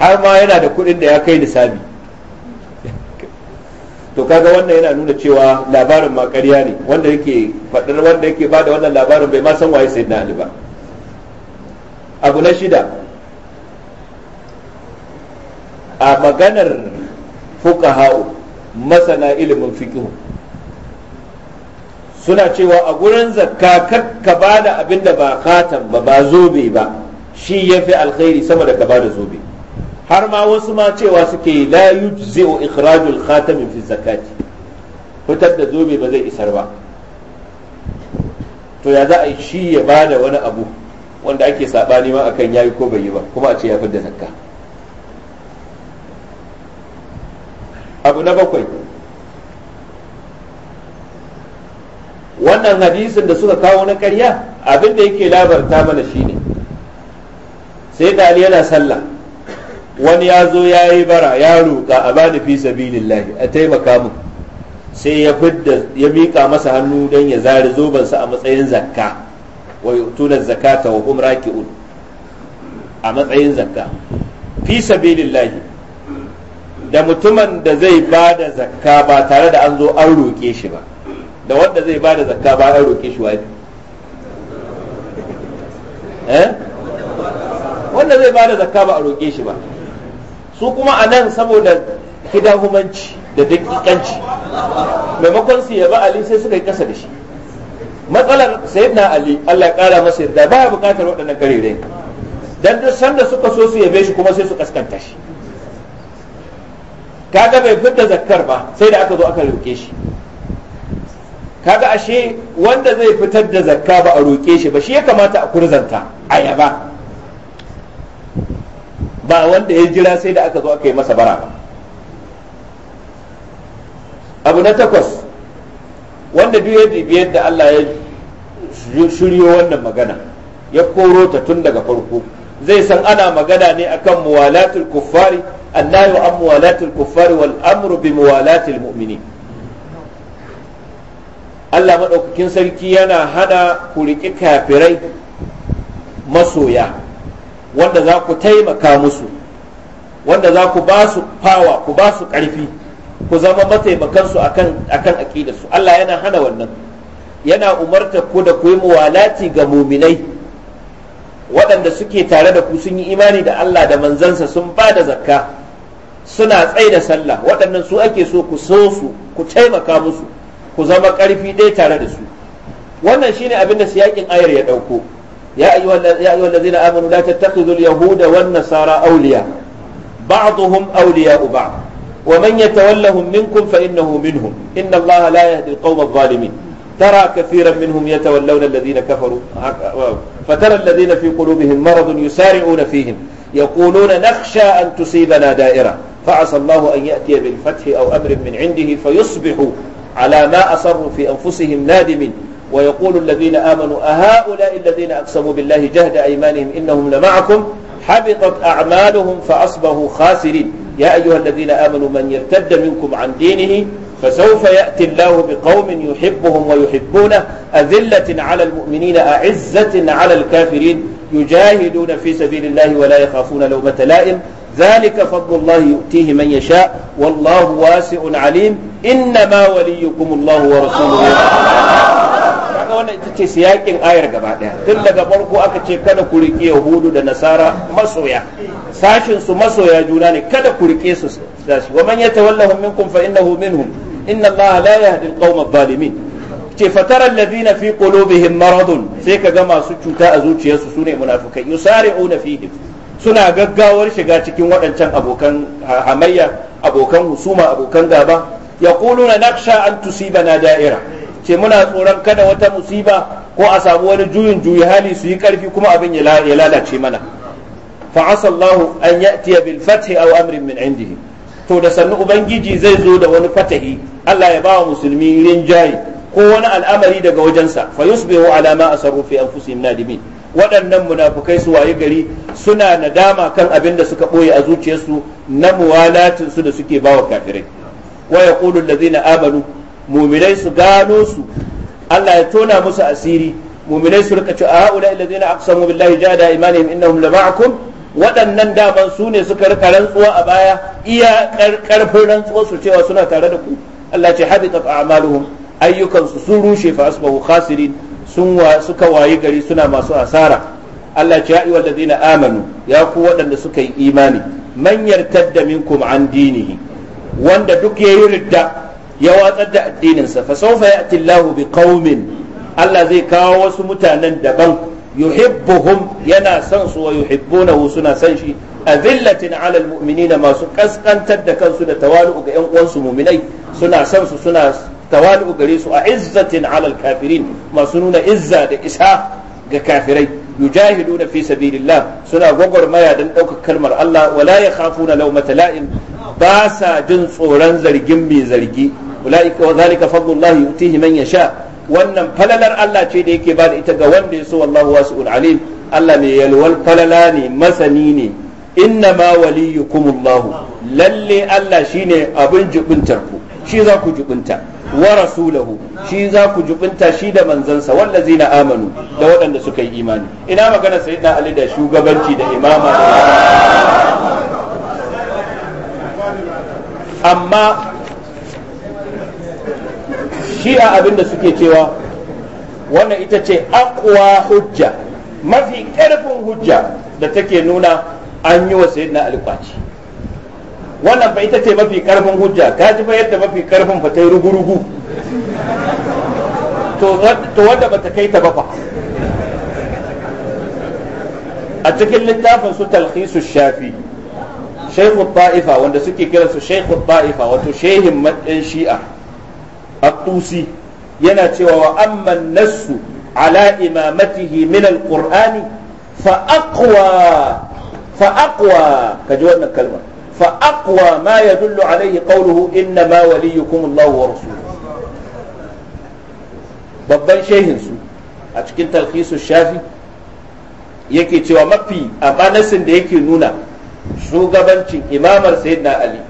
har ma yana da kudin da ya kai nisabi to kaga wannan yana nuna cewa labarin ma ƙarya ne wanda yake faɗar wanda yake bada wannan labarin bai ma san waye sai na ba abu na shida a maganar hau masana ilimin fikihu suna cewa a gurin zakka ka ba da abin da ba katan ba ba zobe ba shi ya fi alkhairi sama da ka ba da zobe har ma wasu ma cewa suke la yujzi'u ikhrajul khatamin fi zakati fitar da zobe ba zai isar ba to ya za a yi shi ya ba da wani abu wanda ake sabani ma akan yayi ko bai yi ba kuma a ce ya fidda zakka abu na bakwai wannan hadisin da suka kawo na karya abin da yake labarta mana shine sai da ali yana sallah wani ya zo ya yi bara ya roƙa a bani fi sabilillahi a taimaka mu sai ya miƙa masa hannu don ya zari zobansa a matsayin zakka wa yu'tuna zakata wa hum raki'un a matsayin zakka fi sabilillah da mutumin da zai ba da zakka ba tare da an zo an roƙe shi ba da wanda zai ba da zakka ba an roƙe shi wani eh? wanda zai ba da zakka ba a roƙe shi ba su kuma a nan saboda kidahumanci da dakikanci maimakon su yaba ali sai suka yi kasa da shi matsalar sayyidina ali Allah ya kara masa yarda ya bukatar waɗannan karerai dan duk sanda suka so su yabe shi kuma sai su kaskanta shi kaga bai fitta zakkar ba sai da aka zo aka roke shi kaga ashe wanda zai fitar da zakka ba a roke shi ba shi ya kamata a kurzanta a yaba ba wanda ya jira sai da aka zo aka yi masa bara ba abu na takwas wanda duk ya biyar da Allah ya shiryo wannan magana ya koro ta tun daga farko zai san ana magana ne akan muwalatul kuffari annahu an muwalatul kuffari wal amru bi muwalatil mu'minin Allah madaukakin sarki yana hana ku riki kafirai masoya wanda za ku taimaka musu wanda za ku ba su fawa ku ba su ƙarfi ku zama mataimakansu su akan akan Allah yana hana wannan yana umarta ku da ku yi muwalati ga muminai waɗanda suke tare da ku sun yi imani da Allah da manzansa sun ba da zakka suna tsaye da sallah waɗannan su ake so ku so su ku taimaka musu ku zama ƙarfi dai tare da su wannan shine abin da siyakin ayar ya ɗauko ya ayyuhal ladzina amanu la tattakhidhu al-yahuda wan nasara awliya ba'dhum awliya'u ba'd ومن يتولهم منكم فإنه منهم إن الله لا يهدي القوم الظالمين ترى كثيرا منهم يتولون الذين كفروا فترى الذين في قلوبهم مرض يسارعون فيهم يقولون نخشى أن تصيبنا دائرة فعسى الله أن يأتي بالفتح أو أمر من عنده فيصبحوا على ما أصروا في أنفسهم نادمين ويقول الذين آمنوا أهؤلاء الذين أقسموا بالله جهد أيمانهم إنهم لمعكم حبطت أعمالهم فأصبحوا خاسرين يا أيها الذين آمنوا من يرتد منكم عن دينه فسوف يأتي الله بقوم يحبهم ويحبونه أذلة على المؤمنين أعزة على الكافرين يجاهدون في سبيل الله ولا يخافون لومة لائم ذلك فضل الله يؤتيه من يشاء والله واسع عليم إنما وليكم الله ورسوله wannan ita ce siyakin ayar gaba daya tun daga farko aka ce kada ku rike yahudu da nasara masoya sashin su masoya juna ne kada ku rike su sashi wa man yatawallahum minkum fa innahu minhum inna allaha la yahdi alqawma adh-dhalimin ce fatara alladhina fi qulubihim maradun sai ka ga masu cuta a zuciyarsu sune munafikai yusari'una fihim suna gaggawar shiga cikin waɗancan abokan hamayya abokan husuma abokan gaba yaquluna naqsha an tusibana da'ira ce muna tsoron kada wata musiba ko a samu wani juyin juyi hali su yi karfi kuma abin ya lalace mana fa asallahu an ya'tiya bil fathi aw amrin min indihi to da sannu ubangiji zai zo da wani fatahi Allah ya bawa musulmi rinjaye ko wani al'amari daga wajensa fa yusbihu ala ma asarru fi anfusihim nadimin waɗannan munafukai su waye gari suna nadama kan abin da suka ɓoye a zuciyarsu na muwalatin su da suke bawa kafirai wa yaqulu na amanu muminai su gano su Allah ya tona musu asiri muminai su rika cewa haula illazina aqsamu billahi jahada imanihim innahum la ma'akum waɗannan daman su ne suka rika rantsuwa a baya iya karfin rantsuwa su cewa suna tare da ku Allah ce habitat a'maluhum ayyukan su sun rushe fa asbahu khasirin sun suka wayi gari suna masu asara Allah ce ya ayyuhal ladina amanu ya ku waɗanda suka yi imani man yartadda minkum an dinihi wanda duk yayi ridda ya watsar da addininsa fa sawfa ya'ti Allahu bi qaumin Allah zai kawo wasu mutanen daban yuhibbuhum yana son su wa yuhibbunahu suna san shi a azillatin alal mu'minina masu kaskantar da kansu da tawalu ga yan uwansu mu'minai suna san su suna tawalu gare su a izzatin alal kafirin masu nuna izza da isa ga kafirai yujahiduna fi sabilillah suna gwagwarmaya don ɗaukar kalmar Allah wala yakhafuna lawmata la'im ba sa jin tsoron zargin mai zargi ulaika wa zalika fadlullahi yu'tihi man yasha wannan falalar Allah ce da yake bada ita ga wanda ya so wallahu wasi'ul alim Allah mai yalwal falala ne masani ne inna ma waliyukumullahu lalle Allah shine abin jubuntar ku shi za ku jubunta wa rasulahu shi za ku shi da manzansa wallazina amanu da waɗanda suka yi imani ina magana sayyidina ali da shugabanci da imama da amma shi'a abinda suke cewa wannan ita ce akwa hujja mafi ƙarfin hujja da take nuna an yi wa na ali kwaci wannan fa ita ce mafi ƙarfin hujja ka ji fa yadda mafi ƙarfin fa ta yi rugu-rugu to wadda ba ta kai ta ba fa a cikin littafin su talhisu shafi shaikhu ta'ifa wanda suke kiransu shaikhu ta'ifa wato shehin matsayin shi'a at yana cewa wa amma nassu ala imamatihi min al fa aqwa fa aqwa kaji wannan kalma fa aqwa ma yadullu alayhi qawluhu inna ma waliyukum Allah wa rasuluhu babban shehin a cikin talhisu shafi yake cewa mafi amanasin da yake nuna shugabancin imamar sayyidina ali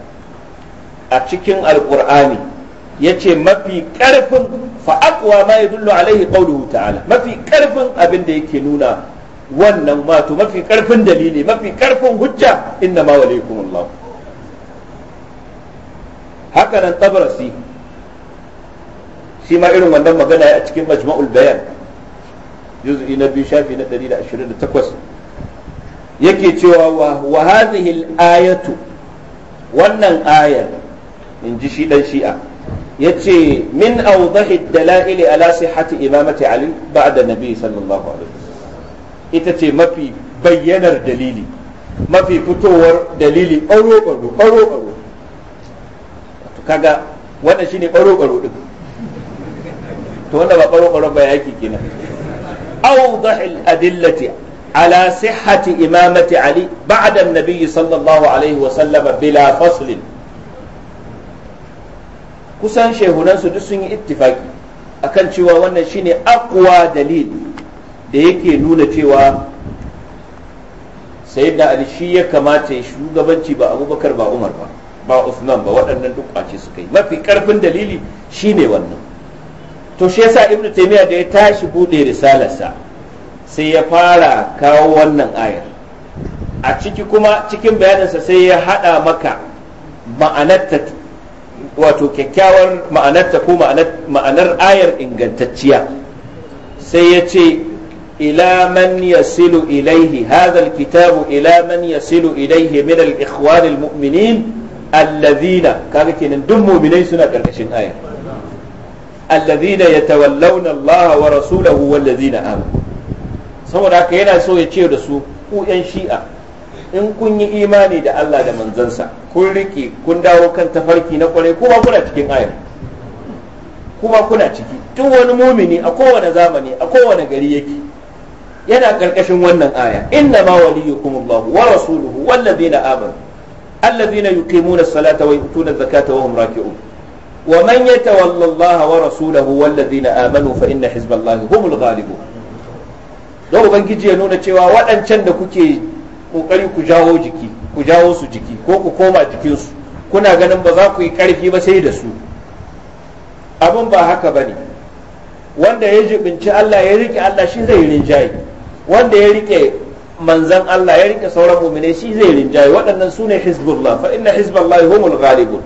a cikin alqur'ani yace mafi karfin fa aqwa ma alaihi qawluhu ta'ala mafi karfin abin da yake nuna wannan wato mafi karfin dalili mafi karfin hujja inna ma waliyukumullah haka nan tabarasi shi ma irin wannan magana a cikin majma'ul bayan juz'i na biyu shafi na 128 yake cewa wa hadhihi al-ayatu wannan ayar in ji shi dan shi'a yace min awdahi dalail ala sihhati imamati ali ba'da nabi sallallahu alaihi wasallam ita ce mafi bayyanar dalili mafi fitowar dalili baro baro baro baro kaga wannan shine baro baro din to wanda ba baro baro ba yaki kenan awdahi al-adillati على صحة إمامة علي بعد النبي صلى الله عليه bila بلا kusan shehunansu duk sun yi ittifaki akan cewa wannan shine akwa dalil da yake nuna cewa sayyidina ali shi ya kamata ya shugabanci ba abubakar ba umar ba ba usman ba waɗannan duk kwace su kai mafi karfin dalili shine wannan to shi yasa ibnu taymiya da ya tashi bude risalarsa sai ya fara kawo wannan ayar a ciki kuma cikin bayaninsa sai ya hada maka ma'anarta wato kyakkyawar ma'anarta ko ma'anar ayar ingantacciya sai ya ce ila man yasilu ilaihi hadha alkitabu ila man yasilu ilaihi min al-ikhwan al alladhina kaga kenan duk mu'minai suna karkashin ayar alladhina yatawallawna allaha wa rasulahu walladhina amanu saboda haka yana so ya ce da su ku yan shi'a in kun yi imani da Allah da manzansa kun riƙe, kun dawo kan tafarki na kwarai kuma kuna cikin ayar kuma kuna ciki tun wani mumini a kowane zamani a kowane gari yake yana karkashin wannan aya inna ma waliyukum Allah wa rasuluhu wal ladina amanu alladhina yuqimuna as-salata wa yu'tuna az-zakata wa hum raki'un wa man yatawalla Allah wa rasulahu wal amanu fa inna hizballahi humul ghalibun don ubangiji ya nuna cewa waɗancan da kuke kokari ku jawo jiki ku jawo su jiki ko ku koma jikinsu kuna ganin ba za ku yi karfi ba sai da su abin ba haka bane wanda ya jibinci Allah ya rike Allah shi zai rinjaye wanda ya rike manzan Allah ya rike sauran muminai shi zai rinjaye waɗannan su ne hizbullah fa inna hizballahi humul ghalibun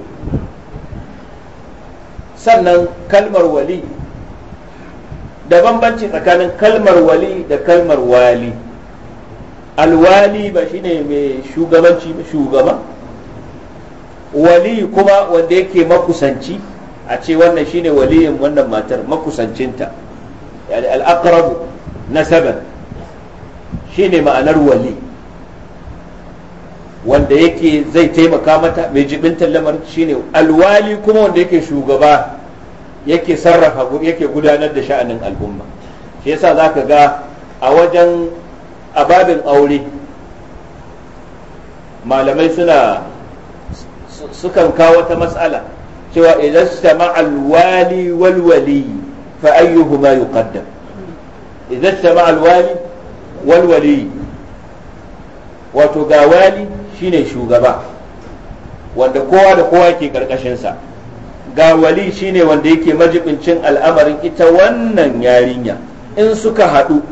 sannan kalmar wali da bambanci tsakanin kalmar wali da kalmar wali alwali ba shine mai shugabanci shugaba wali kuma wanda yake makusanci a ce wannan shine waliyin wannan matar makusancinta yani na aqrabu nasaban shine ma'anar wali wanda yake zai taimaka mata mai jibintar lamarin shine alwali kuma wanda yake shugaba yake sarrafa yake gudanar da sha'anin al'umma shi yasa ka ga a wajen a babin aure malamai suna sukan kawo wata matsala cewa idan sama alwali walwali fa ayyuhuma yuqaddam idan sama alwali walwali wato ga wali shine shugaba wanda kowa da kowa ke karkashinsa ga wali shine wanda yake majibincin al'amarin ita wannan yarinya in suka haɗu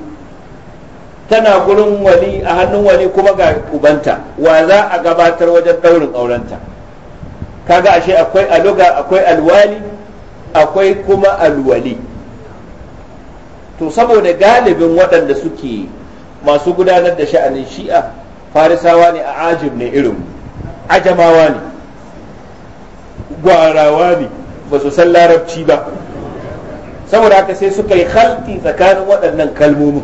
tana gurin wali a hannun wali kuma ga ubanta wa za a gabatar wajen daurin aurenta kaga ashe akwai aluga akwai alwali akwai kuma alwali to saboda galibin waɗanda suke masu gudanar da sha'anin shi'a farisawa ne a ajib ne irin ajamawa ne gwarawa ne ba su san larabci ba saboda haka sai suka yi halki tsakanin waɗannan kalmomin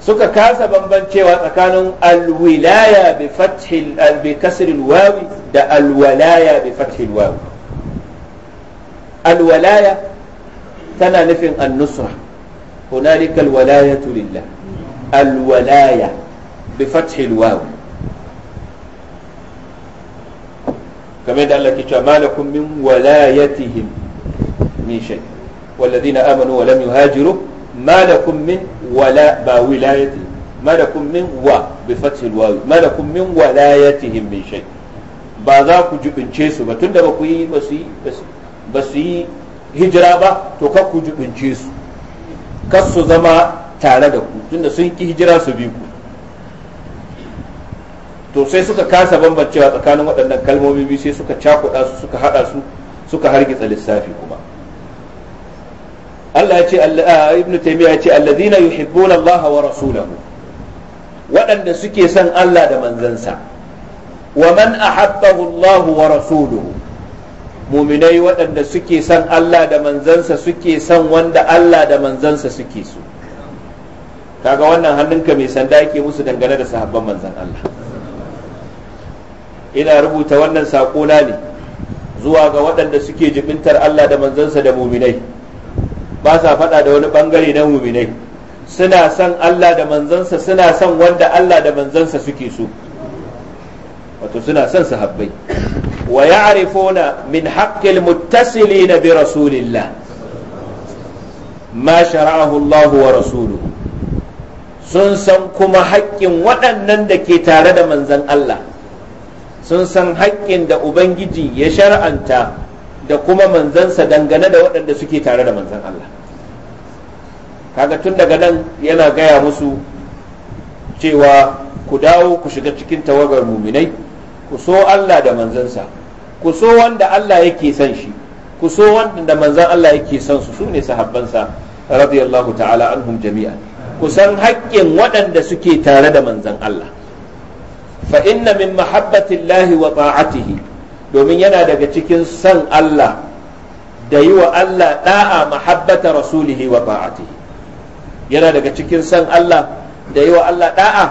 suka kasa bambancewa tsakanin alwilaya bi fathil eh, bi kasril wawi da alwalaya bi fathil wawi alwalaya tana nufin annusra hunalika alwalayatu lillah alwalaya bi fathil wawi kamar da Allah ke cewa malakum min walayatihim min shay والذين آمنوا ولم يهاجروا malakum min wala ba wilayati malakum min wa bi fathil waw malakum min walayatihim min shay ba za ku jubince su ba tunda ba su yi hijira ba to kar ku jubince su su zama tare da ku tunda sun hijira su bi ku to sai suka kasa bambancewa tsakanin waɗannan kalmomi biyu sai suka cakuɗa su suka haɗa su suka hargitsa lissafi kuma Allah ya ce ah, Ibn taymiya ya ce alladhina yuhibbuna Allah wa rasulahu waɗanda suke son Allah da manzansa wa man ahabbahu Allah wa rasuluhu muminai waɗanda suke son Allah da manzansa suke son wanda Allah da manzansa suke so kaga wannan hannunka mai sanda yake musu dangane da sahabban manzan Allah ina rubuta wannan saƙona ne zuwa ga waɗanda suke jibintar Allah da manzansa da muminai ba sa faɗa da wani bangare na muminai suna son Allah da manzansa suna son wanda Allah da manzansa suke so wato suna son sahabbai wa ya'rifuna min haqqil muttasilina bi rasulillah ma shara'ahu Allah wa rasuluhu sun san kuma haƙƙin waɗannan da ke tare da manzan Allah sun san haƙƙin da Ubangiji ya shar'anta da kuma manzansa dangane da waɗanda suke tare da manzan Allah kaga tun daga nan yana gaya musu cewa ku dawo ku shiga cikin tawagar muminai ku so Allah da manzansa ku so wanda Allah yake son shi ku so wanda manzan Allah yake son su sune sahabbansa radiyallahu ta'ala anhum jami'a ku san haƙƙin waɗanda suke tare da manzan Allah fa inna min mahabbatillahi wa ta'atihi domin yana daga cikin san Allah da yi wa Allah da'a mahabbata rasulihi wa ta'atihi yana daga cikin san Allah da yi wa Allah da'a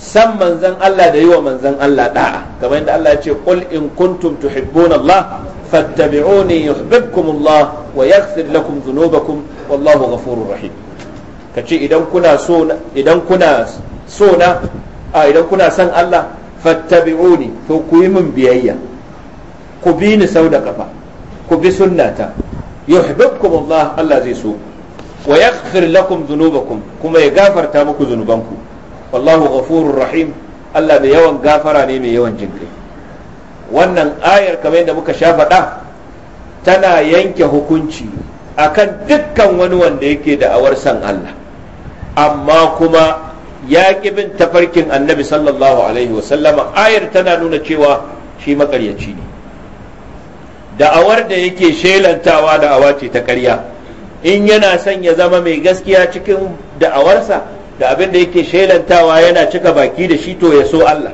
san manzan Allah da yi wa manzan Allah da'a kamar yadda Allah ya ce qul in kuntum tuhibbuna Allah fattabi'uni yuhibbukum Allah wa yaghfir lakum dhunubakum wallahu ghafurur rahim kace idan kuna so idan kuna so na a idan kuna san Allah fattabi'uni to ku yi min biyayya ku bi ni sau da kafa ku bi sunnata yuhibbukum Allah Allah zai so wa yaghfir lakum dhunubakum kuma ya gafarta muku zunubanku wallahu ghafurur rahim Allah mai yawan gafara ne mai yawan jinkai wannan ayar kamar yadda muka sha faɗa tana yanke hukunci akan dukkan wani wanda yake da san Allah amma kuma ya ƙi bin tafarkin annabi sallallahu alaihi wasallama ayar tana nuna cewa shi makaryaci ne da'awar da yake shelantawa da'awa ce ta ƙarya in yana son ya zama mai gaskiya cikin da'awarsa da abin da yake shelantawa yana cika baki da shi to ya so Allah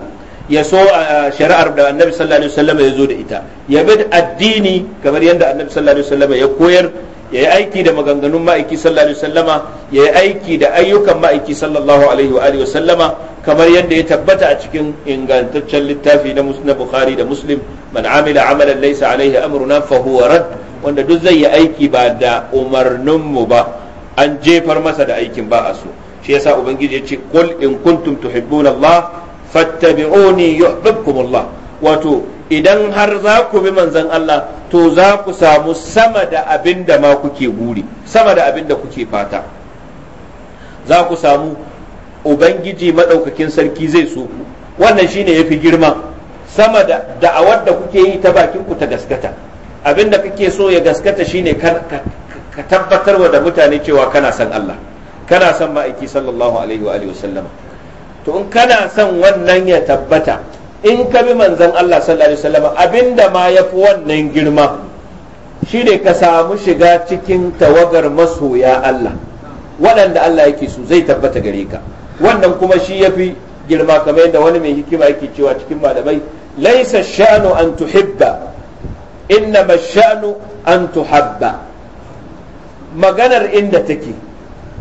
ya so shari'ar da annabi sallallahu alaihi wasallam ya zo da ita ya bi addini kamar yadda annabi sallallahu alaihi wasallam ya koyar ya yi aiki da maganganun ma'aiki sallallahu alaihi wasallama ya yi aiki da ayyukan ma'aiki sallallahu alaihi wa alihi wasallama kamar yadda ya tabbata a cikin ingantaccen littafi na na bukhari da muslim man amila amalan laysa alaihi amruna fa huwa rad wanda duk zai yi aiki ba da umarnin mu ba an jefar masa da aikin ba a so shi yasa ubangiji ya ce qul in kuntum tuhibbuna allah fattabi'uni yuhibbukum allah wato idan har za ku bi manzan Allah to za ku samu sama da abin da ma kuke buri sama da abin da kuke fata za ku samu ubangiji maɗaukakin sarki zai so ku wannan shine yafi girma sama da da'awar da kuke yi ta bakin ku ta gaskata abin da kake so ya gaskata shine ka tabbatarwa da mutane cewa kana son Allah kana son ma'aiki sallallahu alaihi wa alihi to in kana son wannan ya tabbata in ka bi manzan Allah sallallahu alaihi wasallam abinda ma ya fi wannan girma shi ne ka samu shiga cikin tawagar masoya Allah waɗanda Allah yake so zai tabbata gare ka wannan kuma shi ya fi girma kamar yadda wani mai hikima yake cewa cikin malamai laisa sha'nu an tuhibba innama sha'nu an tuhabba maganar inda take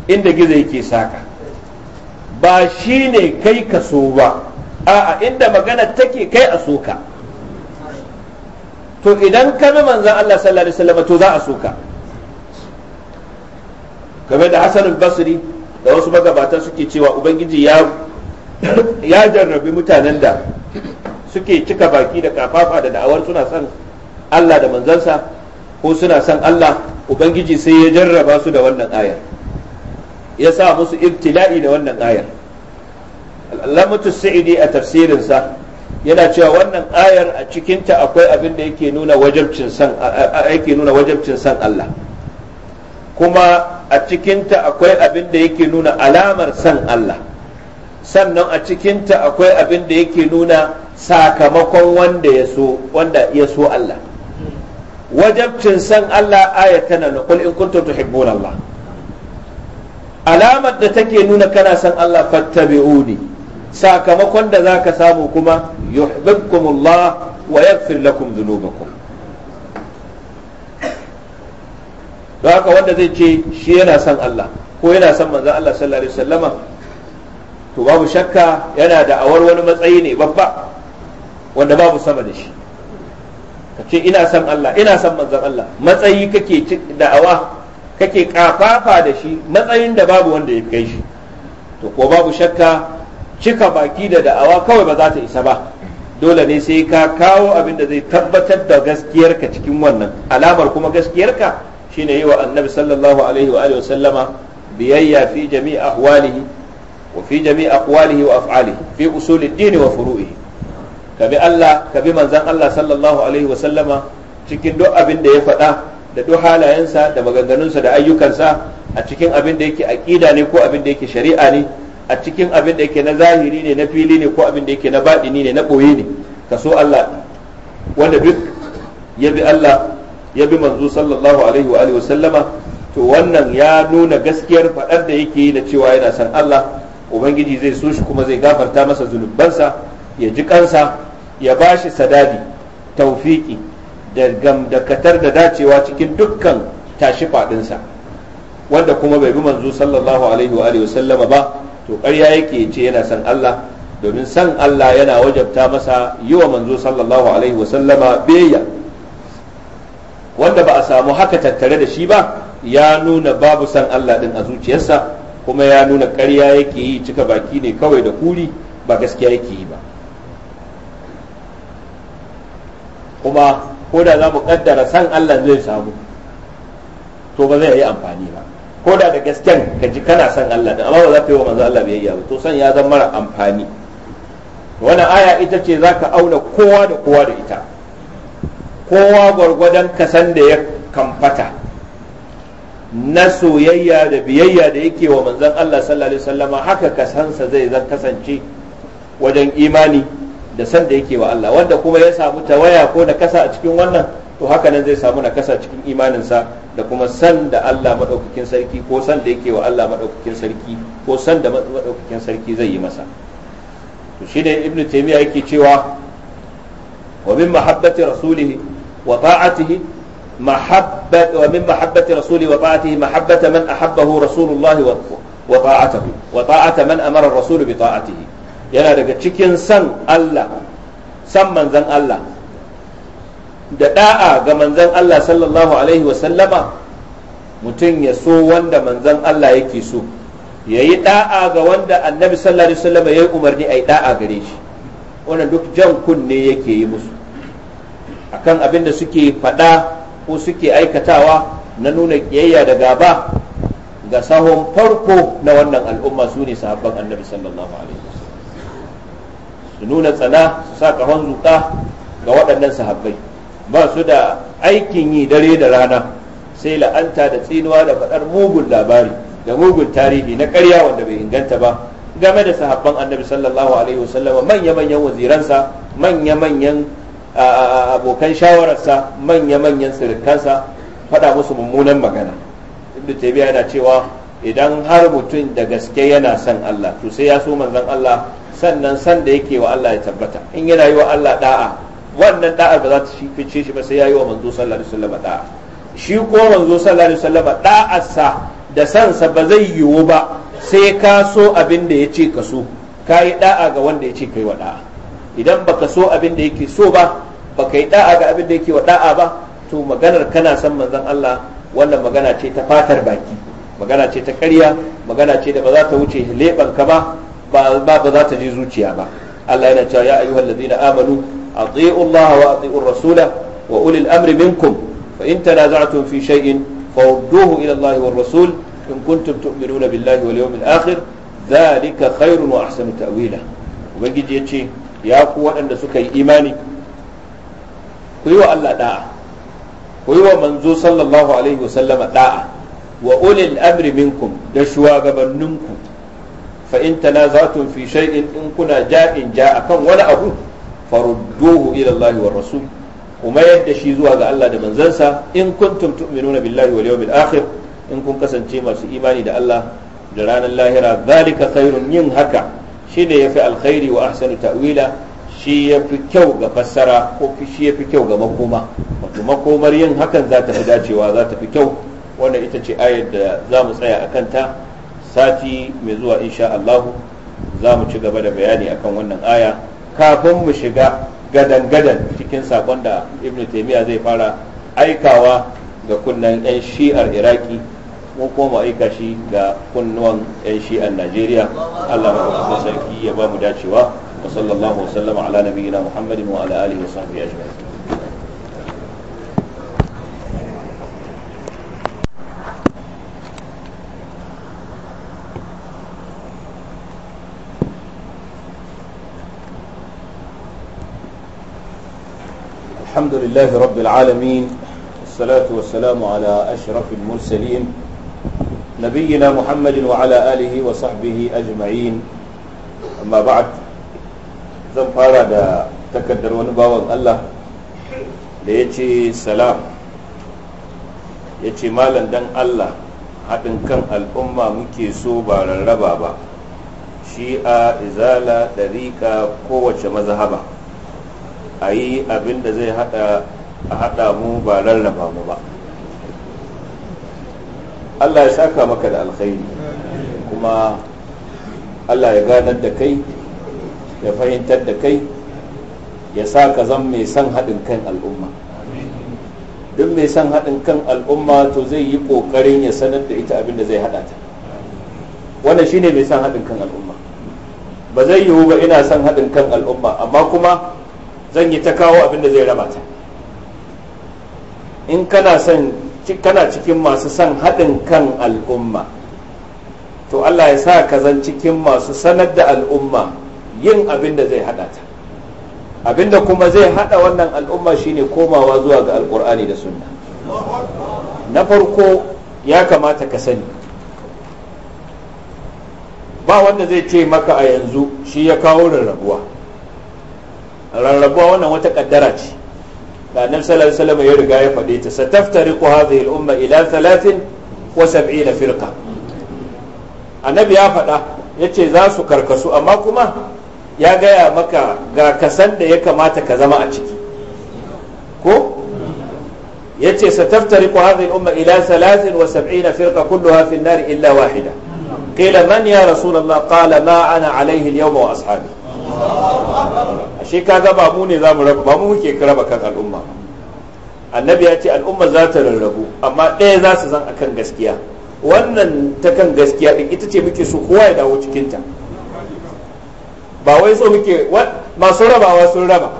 inda gizo yake saka ba shi ne kai ka so ba a'a inda magana take kai a soka to idan ka bi manzan Allah sallallahu alaihi wasallam to za a soka game da Hassan al-Basri da wasu magabatan suke cewa ubangiji ya ya jarrabi mutanen da suke cika baki da kafafa da da'awar suna son Allah da manzansa ko suna son Allah ubangiji sai ya jarraba su da wannan ayar ya sa musu ibtila'i da wannan ayar al'alamatu sa'idi a tafsirinsa yana cewa wannan ayar a cikinta akwai abin da yake nuna wajabcin san yake nuna wajabcin san Allah kuma a cikinta akwai abin da yake nuna alamar san Allah sannan a cikinta akwai abin da yake nuna sakamakon wanda ya so wanda ya so Allah wajabcin san Allah ayatana na qul in kuntum tuhibbuna Allah alamar da take nuna kana san Allah fattabi'uni sakamakon da za ka samu kuma yuhibbukumullah wa yaghfir lakum dhunubakum don haka wanda zai ce shi yana son Allah ko yana son manzon Allah sallallahu alaihi wasallama to babu shakka yana da awar wani matsayi ne babba wanda babu sama da shi ka ce ina son Allah ina son manzon Allah matsayi kake da'awa kake kafafa da shi matsayin da babu wanda ya kai shi to ko babu shakka cika baki da da'awa kawai ba za ta isa ba dole ne sai ka kawo abin da zai tabbatar da gaskiyarka cikin wannan alamar kuma gaskiyarka shine yi wa annabi sallallahu alaihi wa alihi sallama biyayya fi jami'i ahwalihi wa fi jami'i aqwalihi wa af'alihi fi usul dini wa furu'ihi kabi Allah bi manzon Allah sallallahu alaihi wa sallama cikin duk abin da ya faɗa da duk halayensa da maganganunsa da ayyukansa a cikin abin da yake aqida ne ko abin da yake shari'a ne a cikin abin da yake na zahiri ne na fili ne ko abin da yake na baɗini ne na ɓoye ne ka so Allah wanda duk ya bi Allah ya bi manzo sallallahu alaihi wa sallama to wannan ya nuna gaskiyar faɗar da yake yi da cewa yana san Allah ubangiji zai so shi kuma zai gafarta masa zunubansa ya ji kansa ya ba shi sadadi taufiki da gamdakatar da dacewa cikin dukkan tashi faɗinsa wanda kuma bai bi manzo sallallahu alaihi wa sallama ba to ƙarya yake ce yana san Allah domin san Allah yana wajabta masa yi wa manzo sallallahu alaihi sallama wanda ba a samu haka tattare da shi ba ya nuna babu san Allah din a zuciyarsa kuma ya nuna ƙarya yake yi cika baki ne kawai da kuri ba gaskiya yake yi ba kuma ko da za mu kaddara san Allah zai samu to ba zai yi amfani ba ko da da gasken ka ji kana son Allah din amma ba za ka yi wa manzo Allah biyayya ba to san ya zama mara amfani wannan aya ita ce za ka auna kowa da kowa da ita kowa gwargwadon kasan da ya kamfata na soyayya da biyayya da yake wa manzon Allah sallallahu alaihi wasallama haka kasansa zai zan kasance wajen imani da san da yake wa Allah wanda kuma ya samu tawaya ko na kasa a cikin wannan to haka nan zai samu na kasa cikin imaninsa da kuma san da Allah maɗaukakin sarki ko san da yake wa Allah maɗaukakin sarki ko san da maɗaukakin sarki zai yi masa to shi ne ibnu taymiya yake cewa wa min mahabbati rasulihi wa ta'atihi mahabbat wa min mahabbati rasulihi wa ta'atihi mahabbata man ahabbahu rasulullahi wa wa ta'atuhu wa ta'ata man amara ar-rasul bi ta'atihi yana daga cikin san Allah san manzan Allah da da'a ga manzan Allah sallallahu alaihi wasallama mutum ya so wanda manzan Allah yake so ya yi da'a ga wanda annabi sallallahu alaihi wasallama ya yi umarni a yi da'a gare shi wannan duk jan kunne yake yi musu akan abin da suke faɗa ko suke aikatawa na nuna kiyayya da gaba ga sahon farko na wannan al'umma su ne sahabban annabi sallallahu alaihi wasallam su nuna tsana su sa kahon zuka ga waɗannan sahabbai ba su da aikin yi dare da rana sai la'anta da tsinuwa da faɗar mugun labari da mugun tarihi na ƙarya wanda bai inganta ba game da sahabban annabi sallallahu alaihi wasallama manya-manyan waziransa manya-manyan abokan shawararsa manya-manyan sirikansa faɗa musu mummunan magana ibnu taymiya yana cewa idan har mutum da gaske yana son Allah to sai ya so manzon Allah sannan san da yake wa Allah ya tabbata in yana yi wa Allah da'a wannan da'ar ba za ta fice shi ba sai yayi wa manzo sallallahu alaihi wasallam da'a shi ko manzo sallallahu alaihi wasallam da'ar sa da sansa ba zai yiwu ba sai ka so abin da yace ka so kai da'a ga wanda yace kai wa da'a idan baka so abin da yake so ba baka yi da'a ga abin da yake wa da'a ba to maganar kana san manzon Allah wannan magana ce ta fatar baki magana ce ta ƙarya magana ce da ba za ta wuce leɓanka ba ba ba za ta je zuciya ba Allah yana cewa ya ayyuhal ladina amanu أطيعوا الله وأطيعوا الرسول وأولي الأمر منكم فإن تنازعتم في شيء فردوه إلى الله والرسول إن كنتم تؤمنون بالله واليوم الآخر ذلك خير وأحسن تأويلا وبنجي يتشي يا قوة أن سكي إيماني كيوا ألا داعا كيوا منزو صلى الله عليه وسلم داعا وأولي الأمر منكم دشوا قبل فإن تنازعتم في شيء إن كنا جاء جاء كم ولا أبوه farudduhu ila Allah wa rasul kuma yadda shi zuwa ga Allah da manzansa in kuntum tu'minuna billahi wal yawmil akhir in kun kasance masu imani da Allah da ranar lahira zalika khairun yin haka shine yafi alkhairi wa ahsanu ta'wila shi yafi kyau ga fassara ko shi yafi kyau ga makoma wato makomar yin hakan za ta fi dacewa za ta fi kyau wannan ita ce ayar da za mu tsaya akan ta sati mai zuwa insha Allah za mu ci gaba da bayani akan wannan aya kafin mu shiga gadan-gadan cikin sakon da ibn taimiyya zai fara aikawa ga kunnen 'yan shi'ar iraki ko kuma aika shi ga kunnuwan 'yan shi'ar najeriya allah sarki ya ba mu dacewa wa sallallahu wasallama ala nabiyina muhammadin wa ala alihi wa sahbihi ajma'in الحمد لله رب العالمين والصلاة والسلام على أشرف المرسلين نبينا محمد وعلى آله وصحبه أجمعين أما بعد zan fara da takardar wani bawan Allah da ya ce salam ya ce malam dan Allah haɗin kan al'umma muke so ba rarraba ba shi'a izala ɗariƙa kowace mazhaba. a yi abin da zai haɗa mu ba rarraba mu ba allah ya saka maka da alkhairi kuma allah ya ganar da kai ya fahimtar da kai ya sa ka zan mai son haɗin kan al'umma duk mai son haɗin kan al'umma to zai yi ƙoƙarin ya sanar da ita abin da zai haɗa ta wannan shine mai son haɗin kan al'umma ba zai yiwu ba ina son haɗin kan al'umma amma kuma zan yi ta kawo abin da zai raba ta in kana son kana cikin masu son haɗin kan al'umma to Allah ya sa ka zan cikin masu sanar da al'umma yin abin da zai haɗa ta abin da kuma zai haɗa wannan al'umma shine komawa zuwa ga alƙur'ani da sunna na farko ya kamata ka sani ba wanda zai ce maka a yanzu shi ya kawo rarrabuwa rarrabuwa wannan wata kaddara ce da annabi sallallahu alaihi wasallam ya riga ya faɗi ta sataftariqu hadhihi al-umma ila 73 firqa annabi ya faɗa yace za su karkasu amma kuma ya gaya maka ga kasan da ya kamata ka zama a ciki ko yace sataftariqu hadhihi al-umma ila 73 firqa kulluha fi an-nar illa wahida qila man ya rasulullah qala ma ana alayhi al-yawma wa ashabi ashe kaga ba mu ne za mu rabu ba mu muke raba kan al'umma annabi ya ce al'umma za ta rarrabu amma ɗaya za su zan akan gaskiya wannan ta kan gaskiya ɗin ita ce muke so kowa ya dawo cikinta ba wai so muke masu rabawa sun raba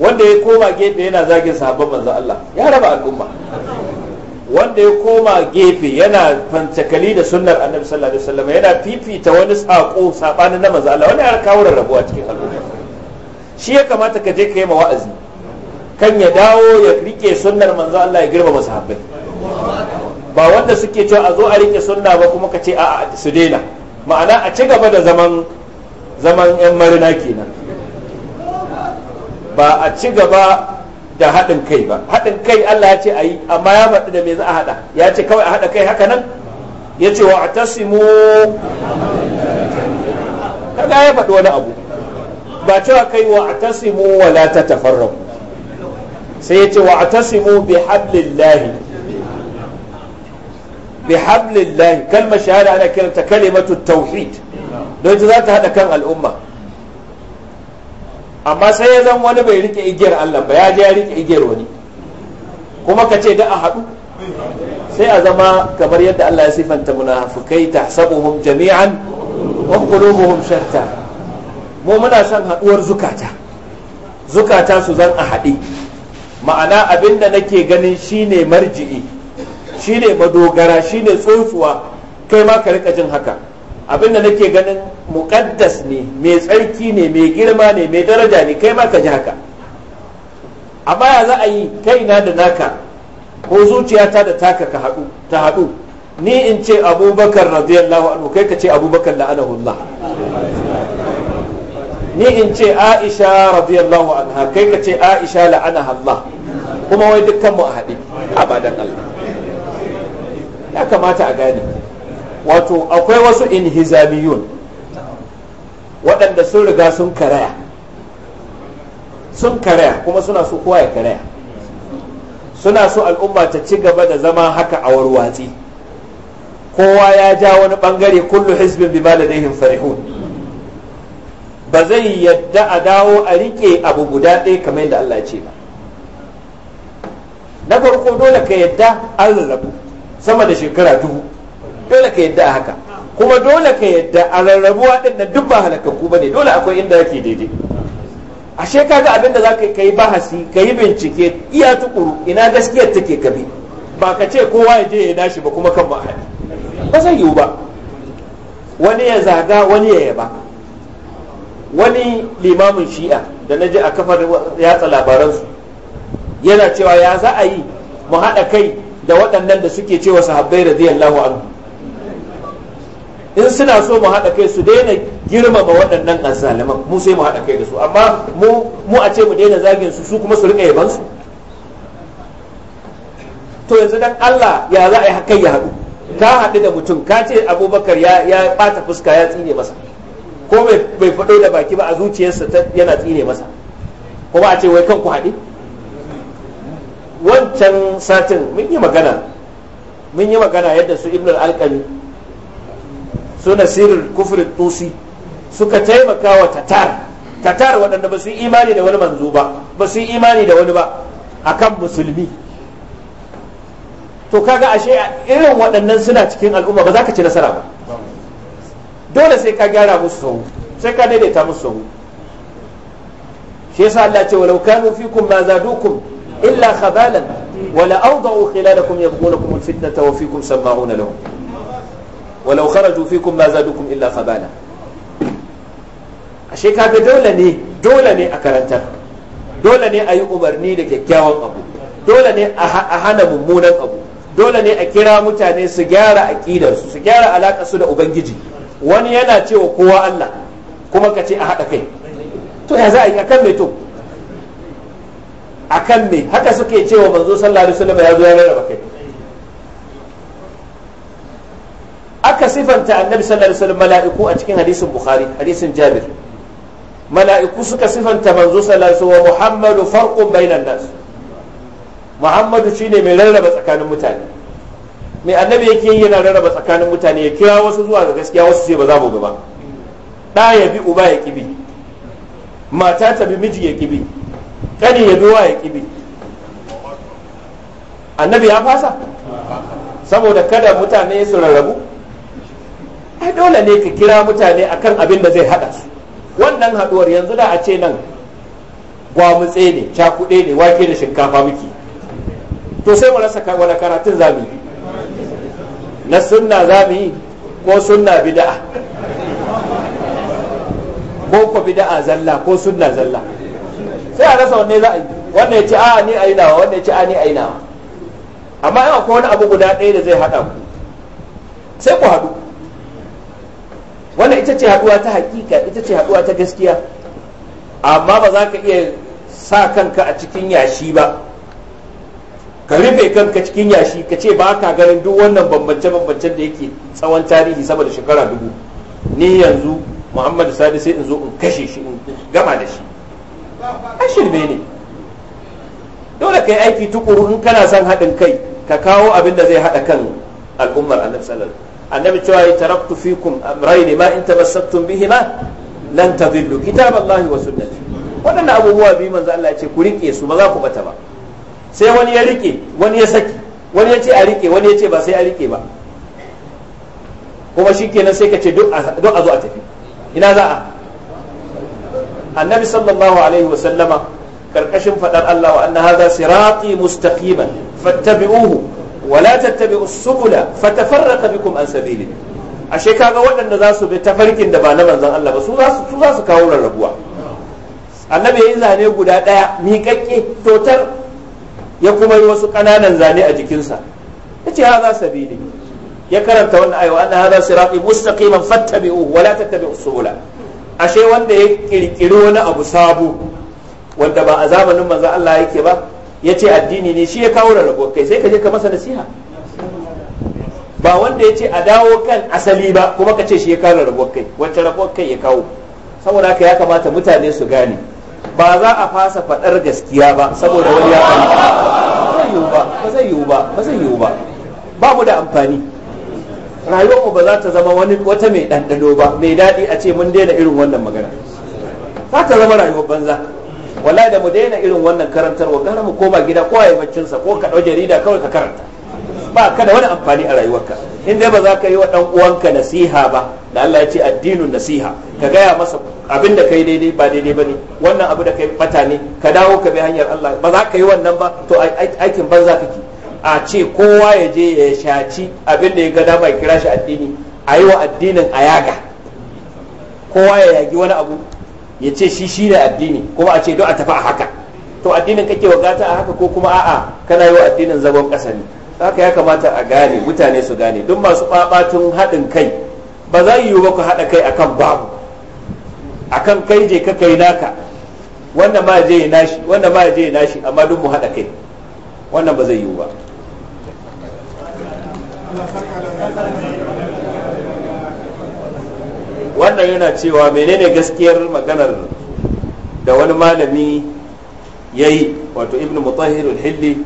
wanda ya koma gefe yana zagin sahabban manzo Allah ya raba al'umma wanda ya koma gefe yana fantakali da sunnar annabi sallallahu alaihi wasallam yana fifita wani sako sabani na manzo Allah wani har kawo rabuwa cikin al'umma shi ya kamata ka je ka yi ma wa'azi kan ya dawo ya rike sunnar manzo Allah ya girma masahabbai ba wanda suke cewa a zo a rike sunna ba kuma ka ce a su daina ma'ana a ci gaba da zaman zaman yan marina kenan ba a ci gaba da haɗin kai ba haɗin kai Allah ya ce a yi amma ya faɗi da me za a haɗa ya ce kawai a haɗa kai haka nan ya ce wa atasimu kaga ya faɗi wani abu ba cewa kai wa a atasimu wala ta tafarraku sai ya ce wa atasimu bi hablillahi bi hablillahi kalmar shahada ana kiranta kalimatu tauhid don ta za ta haɗa kan al'umma amma sai ya zan wani bai rike igiyar Allah ba ya je ya rike igiyar wani kuma ka ce da a haɗu sai a zama kamar yadda Allah ya sifanta munafikai tahsabuhum jami'an wa qulubuhum shatta mu muna son haɗuwar zukata zukata su zan a haɗe ma'ana abinda nake ganin shine marji'i shine madogara shine tsotsuwa kai ma ka rika jin haka abin da nake ganin muƙaddas ne mai tsarki ne mai girma ne mai daraja ne kai ma ka ji haka A baya za a yi kaina da naka ko zuciyata da taka ka haɗu ta haɗu ni in ce abubakar radiyallahu anhu kai ka ce abubakar la'anahullah ni in ce aisha radiyallahu anha kai ka ce aisha la'anahullah kuma wai dukkan mu a haɗe abadan Allah ya kamata a gane wato akwai wasu inhizamiyun waɗanda sun riga sun karaya sun karaya kuma suna so kowa ya karaya suna so al'umma ta ci gaba da zama haka a warwatsi kowa ya ja wani bangare kullu hizbin bima ladaihim farihun ba zai yadda a dawo a rike abu guda ɗaya kamar yadda Allah ya ce ba na farko dole ka yadda an rarrabu sama da shekara dubu dole ka yadda a haka kuma dole ka yadda a rarrabuwa din na duk ba halakakku bane dole akwai inda yake daidai ashe kaga abin da zaka kai bahasi yi bincike iya tukuru ina gaskiyar take ka bi ba ka ce kowa ya je ya dashi ba kuma kan ba ba zai yiwu ba wani ya zaga wani ya yaba wani limamin shi'a da na ji a kafar yatsa labaransu yana cewa ya za a yi mu haɗa kai da waɗannan da suke cewa sahabbai radiyallahu anhu in suna so mu haɗa kai su daina girmama waɗannan azzaliman mu sai mu haɗa kai da su amma mu a ce mu daina zagin su su kuma su rika yaban su to yanzu dan Allah ya za a yi kai ya haɗu ka haɗu da mutum ka ce abubakar ya ya ɓata fuska ya tsine masa ko bai faɗo da baki ba a zuciyarsa yana tsine masa ko ba a ce wai kanku haɗe wancan satin mun yi magana mun yi magana yadda su ibnul alƙali. suna nasirin kufurin tusi suka taimaka wa tatar tatar waɗanda ba su yi imani da wani manzo ba ba su yi imani da wani ba akan musulmi to kaga ashe irin waɗannan suna cikin al'umma ba za ka ci nasara ba dole sai ka gyara musu sahu sai ka daidaita musu sahu shi yasa Allah ce walau kanu fikum ma zadukum illa khabalan wala awda'u khilalakum yabghunakum fitnata wa fikum sama'una lahum walau kharaju fikum ma zadukum illa khabala ashe ga dole ne dole ne a karantar dole ne a yi umarni da kyakkyawan abu dole ne a hana mummunan abu dole ne a kira mutane su gyara aƙidarsu su gyara alaƙa su da ubangiji wani yana cewa kowa Allah kuma ka ce a haɗa kai to ya za a yi akan me to akan me haka suke cewa manzo sallallahu alaihi wasallam ya zo ya rarraba kai aka sifanta annabi sallallahu alaihi wasallam mala'iku a cikin hadisin bukhari hadisin jabir mala'iku suka sifanta manzo sallallahu alaihi wasallam muhammadu farqun bainan nas muhammadu shine mai rarraba tsakanin mutane mai annabi yake yi yana rarraba tsakanin mutane ya kira wasu zuwa ga gaskiya wasu sai ba za mu gaba ɗa ya bi uba ya kibi mata ta bi miji ya kibi kani ya bi wa ya kibi annabi ya fasa saboda kada mutane su rarrabu ai dole ne ka kira mutane a kan abin da zai haɗa su wannan haɗuwar yanzu da a ce nan gwamutse ne cakuɗe ne wake da shinkafa muke to sai mu rasa wani karatun za mu yi na sunna za mu yi ko sunna bida'a ko ko bida'a zalla ko sunna zalla sai a rasa wanne za a yi wanne ya ce a ni a yi nawa wanne ya ci a ni a yi nawa amma yau akwai wani abu guda ɗaya da zai haɗa ku sai ku haɗu wannan ita ce haduwa ta hakika ita ce haduwa ta gaskiya amma ba za ka iya sa kanka a cikin yashi ba ka rufe kanka cikin yashi ka ce ba ka ganin duk wannan bambance-bambancen da yake tsawon tarihi sama da shekara dubu ni yanzu muhammadu sadi sai in zo in kashe shi in gama da shi an shirme ne dole ka yi aiki tukuru in kana son haɗin kai ka kawo abin da zai haɗa kan al'ummar annabi sallallahu annabi cewa ya taraktu fikum amrayni ma in ta bihima lan tadillu kitaballahi wa sunnati waɗannan abubuwa biyu manzo Allah ya ce ku rike su ba za ku bata ba sai wani ya rike wani ya saki wani ya ce a rike wani ya ce ba sai a rike ba kuma shikenan sai ka ce duk a zo a tafi ina za a annabi sallallahu alaihi wa sallama karkashin fadar Allah wa anna hadha sirati mustaqiman fattabi'uhu wala tattabi'u subula fatafarraqa bikum an sabili ashe kaga waɗanda za su bi tafarkin da ba na manzon Allah ba su za su kawo rarrabuwa annabi yi zane guda daya miƙaƙƙe totar ya kuma yi wasu ƙananan zane a jikinsa yace za sabili ya karanta wannan ayo anna hadha sirati mustaqiman fattabi'u wa la tattabi'u subula ashe wanda ya kirkiri wani abu sabo wanda ba a zamanin manzon Allah yake ba ya ce addini ne shi ya kawo rarrabuwar kai sai ka je ka masa nasiha ba wanda ya ce a dawo kan asali ba kuma ka ce shi ya kawo rarrabuwar kai wacce rabo kai ya kawo saboda haka ya kamata mutane su gane ba za a fasa faɗar gaskiya ba saboda wani ya kawo ba zai yiwu ba ba zai yiwu ba ba mu da amfani rayuwarmu ba za ta zama wani wata mai ɗanɗano ba mai daɗi a ce mun daina irin wannan magana za ta zama rayuwar banza wala da mu daina irin wannan karantarwa gara mu koma gida ko ayi baccin sa ko ka dau jarida kawai ka karanta ba ka da wani amfani a rayuwarka in dai ba za ka yi wa dan uwanka nasiha ba da Allah ya ce addinin nasiha ka gaya masa abin da kai daidai ba daidai bane wannan abu da kai bata ne ka dawo ka bi hanyar Allah ba za ka yi wannan ba to aikin banza kake a ce kowa ya je ya shaci abin da ya ga dama ya kira shi addini a yi wa addinin a yaga kowa ya yagi wani abu ya ce shi shi ne addini kuma a ce don a tafi a haka to addinin kake wa a haka ko kuma a'a kana yi wa addinin zagon ƙasa ne haka ya kamata a gane mutane su gane don masu babatun haɗin kai ba za yi ba ku haɗa kai akan babu akan kai je ka kai naka wannan ma je nashi wannan ma je nashi amma duk mu haɗa kai wannan ba zai yiwu ba wannan yana cewa menene gaskiyar maganar da wani malami ya yi wato ibn mutahir hilli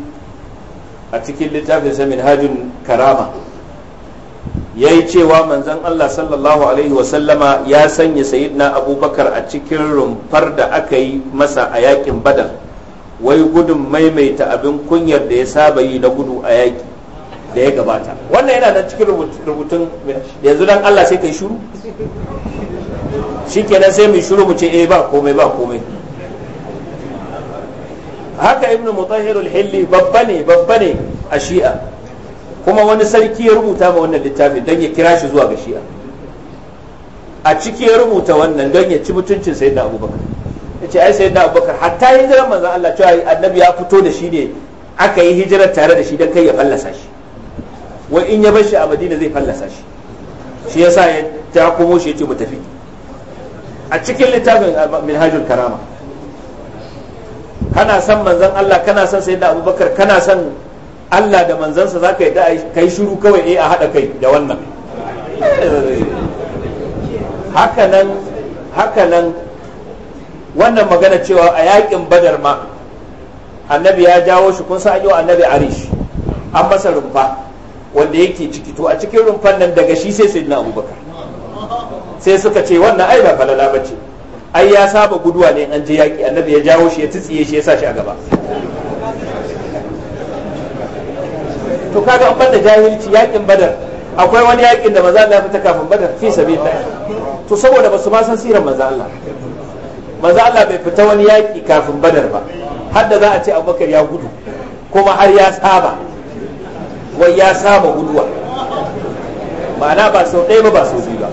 a cikin littafin min hajjun karama ya yi cewa manzan allah sallallahu alaihi wasallama ya sanya sayidna abubakar a cikin rumfar da aka yi masa a yakin badar wai gudun maimaita abin kunyar da ya saba yi na gudu a yaki da ya gabata wannan yana nan cikin rubutun yanzu dan Allah sai kai shuru shikenan sai mu shuru mu ce eh ba komai ba komai haka ibnu mutahhir al-hilli babba ne babba ne a shi'a kuma wani sarki ya rubuta ma wannan littafin don ya kira shi zuwa ga shi'a a ciki ya rubuta wannan don ya ci mutuncin sayyidina abubakar ya ce ai sayyidina abubakar hatta hijirar manzan Allah cewa annabi ya fito da shi ne aka yi hijirar tare da shi don kai ya fallasa shi wai in ya bar shi a madina zai fallasa shi shi yasa ya ta komo shi yace mu tafi a cikin littafin minhajul karama kana san manzon Allah kana san sayyidina Abubakar kana san Allah da manzansa za ka yi kai shiru kawai eh a haɗa kai da wannan hakanan hakanan wannan magana cewa a yakin badar ma annabi ya jawo shi kun san yi wa annabi arish an masa rumfa wanda yake ciki to a cikin rumfan nan daga shi sai sayyidina abubakar sai suka ce wannan ai ba falala ce ai ya saba guduwa ne an je yaki annabi ya jawo shi ya tsitsiye shi ya sa shi a gaba to kaga an banda jahilci yakin badar akwai wani yakin da maza Allah ya fita kafin badar fi sabilillah to saboda basu ma san sirran manzo Allah manzo Allah bai fita wani yaki kafin badar ba har da za a ce Abubakar ya gudu kuma har ya saba wai ya saba guduwa ma'ana ba sau ɗaya ba ba sau biyu ba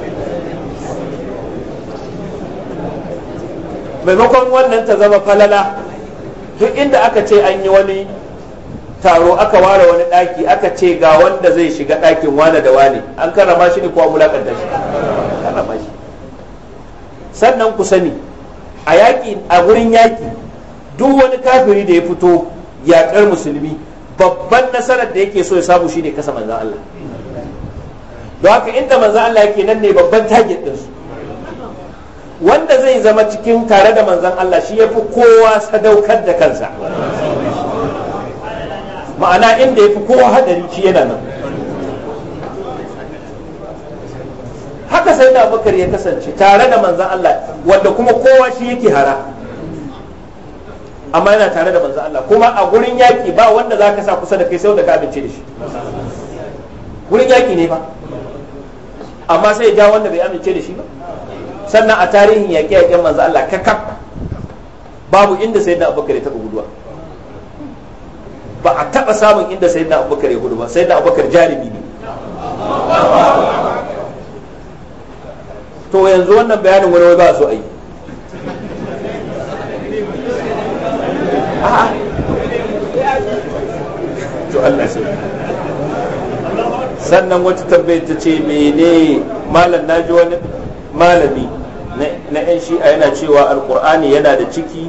maimakon wannan ta zama falala duk inda aka ce an yi wani taro aka ware wani ɗaki aka ce ga wanda zai shiga ɗakin wane da wane an karama shi ne ko an mulakanta shi karama shi sannan ku sani a yaƙi a wurin yaƙi duk wani kafiri da ya fito yaƙar musulmi babban nasarar da yake so ya samu shine kasa manzan Allah don haka inda manzan Allah yake nan ne babban target ɗin su wanda zai zama cikin tare da manzan Allah shi yafi kowa sadaukar da kansa ma'ana inda yafi kowa hadari shi yana nan haka sai da bakar ya kasance tare da manzan Allah wanda kuma kowa shi yake hara amma yana tare da manzon Allah kuma a gurin yaki ba wanda zaka sa kusa da kai sai wanda ka amince da shi gurin yaki ne ba amma sai ya ja wanda bai amince da shi ba sannan a tarihin yaƙi-yaƙin manzo Allah kakaf babu inda na Abubakar ya taɓa guduwa ba a taɓa samun inda na Abubakar ya gudu ba na Abubakar jarumi ne to yanzu wannan bayanin wani wai ba so a yi sannan wata tambayar ta ce mene malam na ji wani malami na yan shi'a yana cewa alkur'ani yana da ciki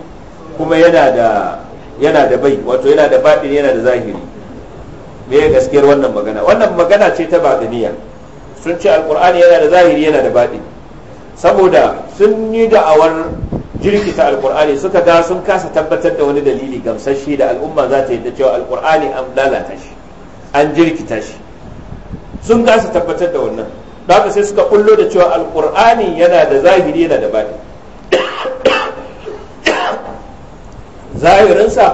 kuma yana da yana da bai wato yana da baɗin yana da zahiri me ya gaskiyar wannan magana wannan magana ce ta badaniya sun ce alkur'ani yana da zahiri yana da baɗi saboda sun yi da'awar jirkita alkur'ani suka ga sun kasa tabbatar da wani dalili gamsasshe da al'umma za ta yadda cewa alkur'ani an lalata shi an jirkita shi sun kasa tabbatar da wannan da haka sai suka kullo da cewa alkur'ani yana da zahiri yana da bani zahirinsa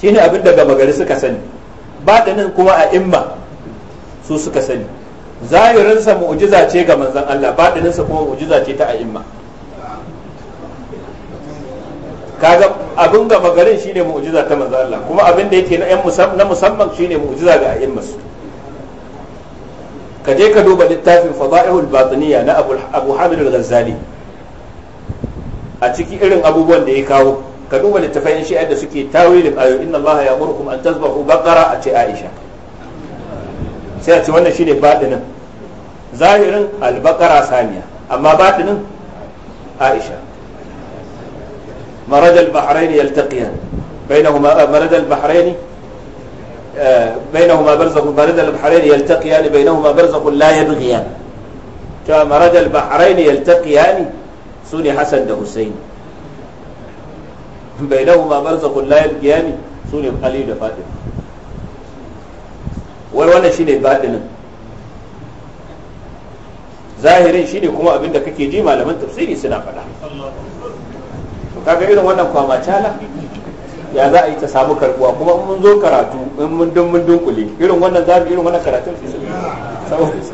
shine abin da gama gari suka sani baɗinin kuma a imma su suka sani zahirinsa mu'jiza ce ga manzon Allah baɗininsa kuma mu'jiza ce ta a imma kaga abin gama garin shine mu'jiza ta manzo Allah kuma abin da yake na musamman shine mu'jiza ga a'imma su ka je ka duba littafin fada'ihul batiniya na Abu Hamid al-Ghazali a ciki irin abubuwan da ya kawo ka duba littafin shi'a da suke tawilin ayo inna Allah ya murkum an tazbahu baqara a ce Aisha sai a ce wannan shine batinin zahirin al-baqara saniya amma batinin Aisha مرج البحرين يلتقيان بينهما مرج البحرين آه، بينهما برزخ مرج البحرين يلتقيان بينهما برزخ لا يبغيان مرج البحرين يلتقيان سوني حسن ده حسين بينهما برزخ لا يبغيان سوني علي ده فاطمه ده فاتن ظاهرين baɗinin كما shine kuma abinda kake ji malaman tafsiri suna faɗa kaga irin wannan kwama cala ya za a yi ta samu karbuwa kuma mun zo karatu in mun dun mun dunkule irin wannan zamu irin wannan karatun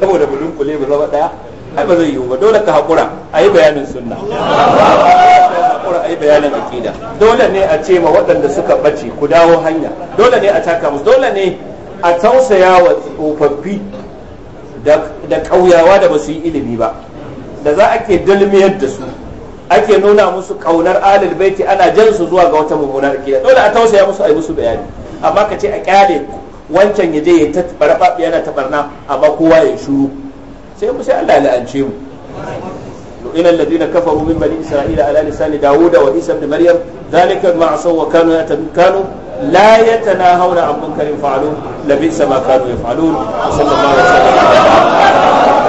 saboda mu dunkule mu zama daya ai ba zai yiwu ba dole ka hakura a yi bayanin sunna hakura a yi bayanin aqida dole ne a ce ma waɗanda suka bace ku dawo hanya dole ne a taka musu dole ne a tausaya wa tsofaffi da ƙauyawa da ba su yi ilimi ba da za a ke dalmiyar da su ake nuna musu kaunar alal baiti ana jan su zuwa ga wata mummunar kiyar dole a tausaya musu a musu bayani amma kace a kyale wancan ya je ya ta barfafi yana ta barna amma kowa ya shuru sai mu sai Allah ya ance mu inna alladhina kafaru min bani isra'ila ala lisani daud wa isa ibn maryam dhalika ma asaw wa kanu yatakanu la yatanahawna an munkarin fa'alu labisa ma kanu yaf'alun sallallahu alaihi wa sallam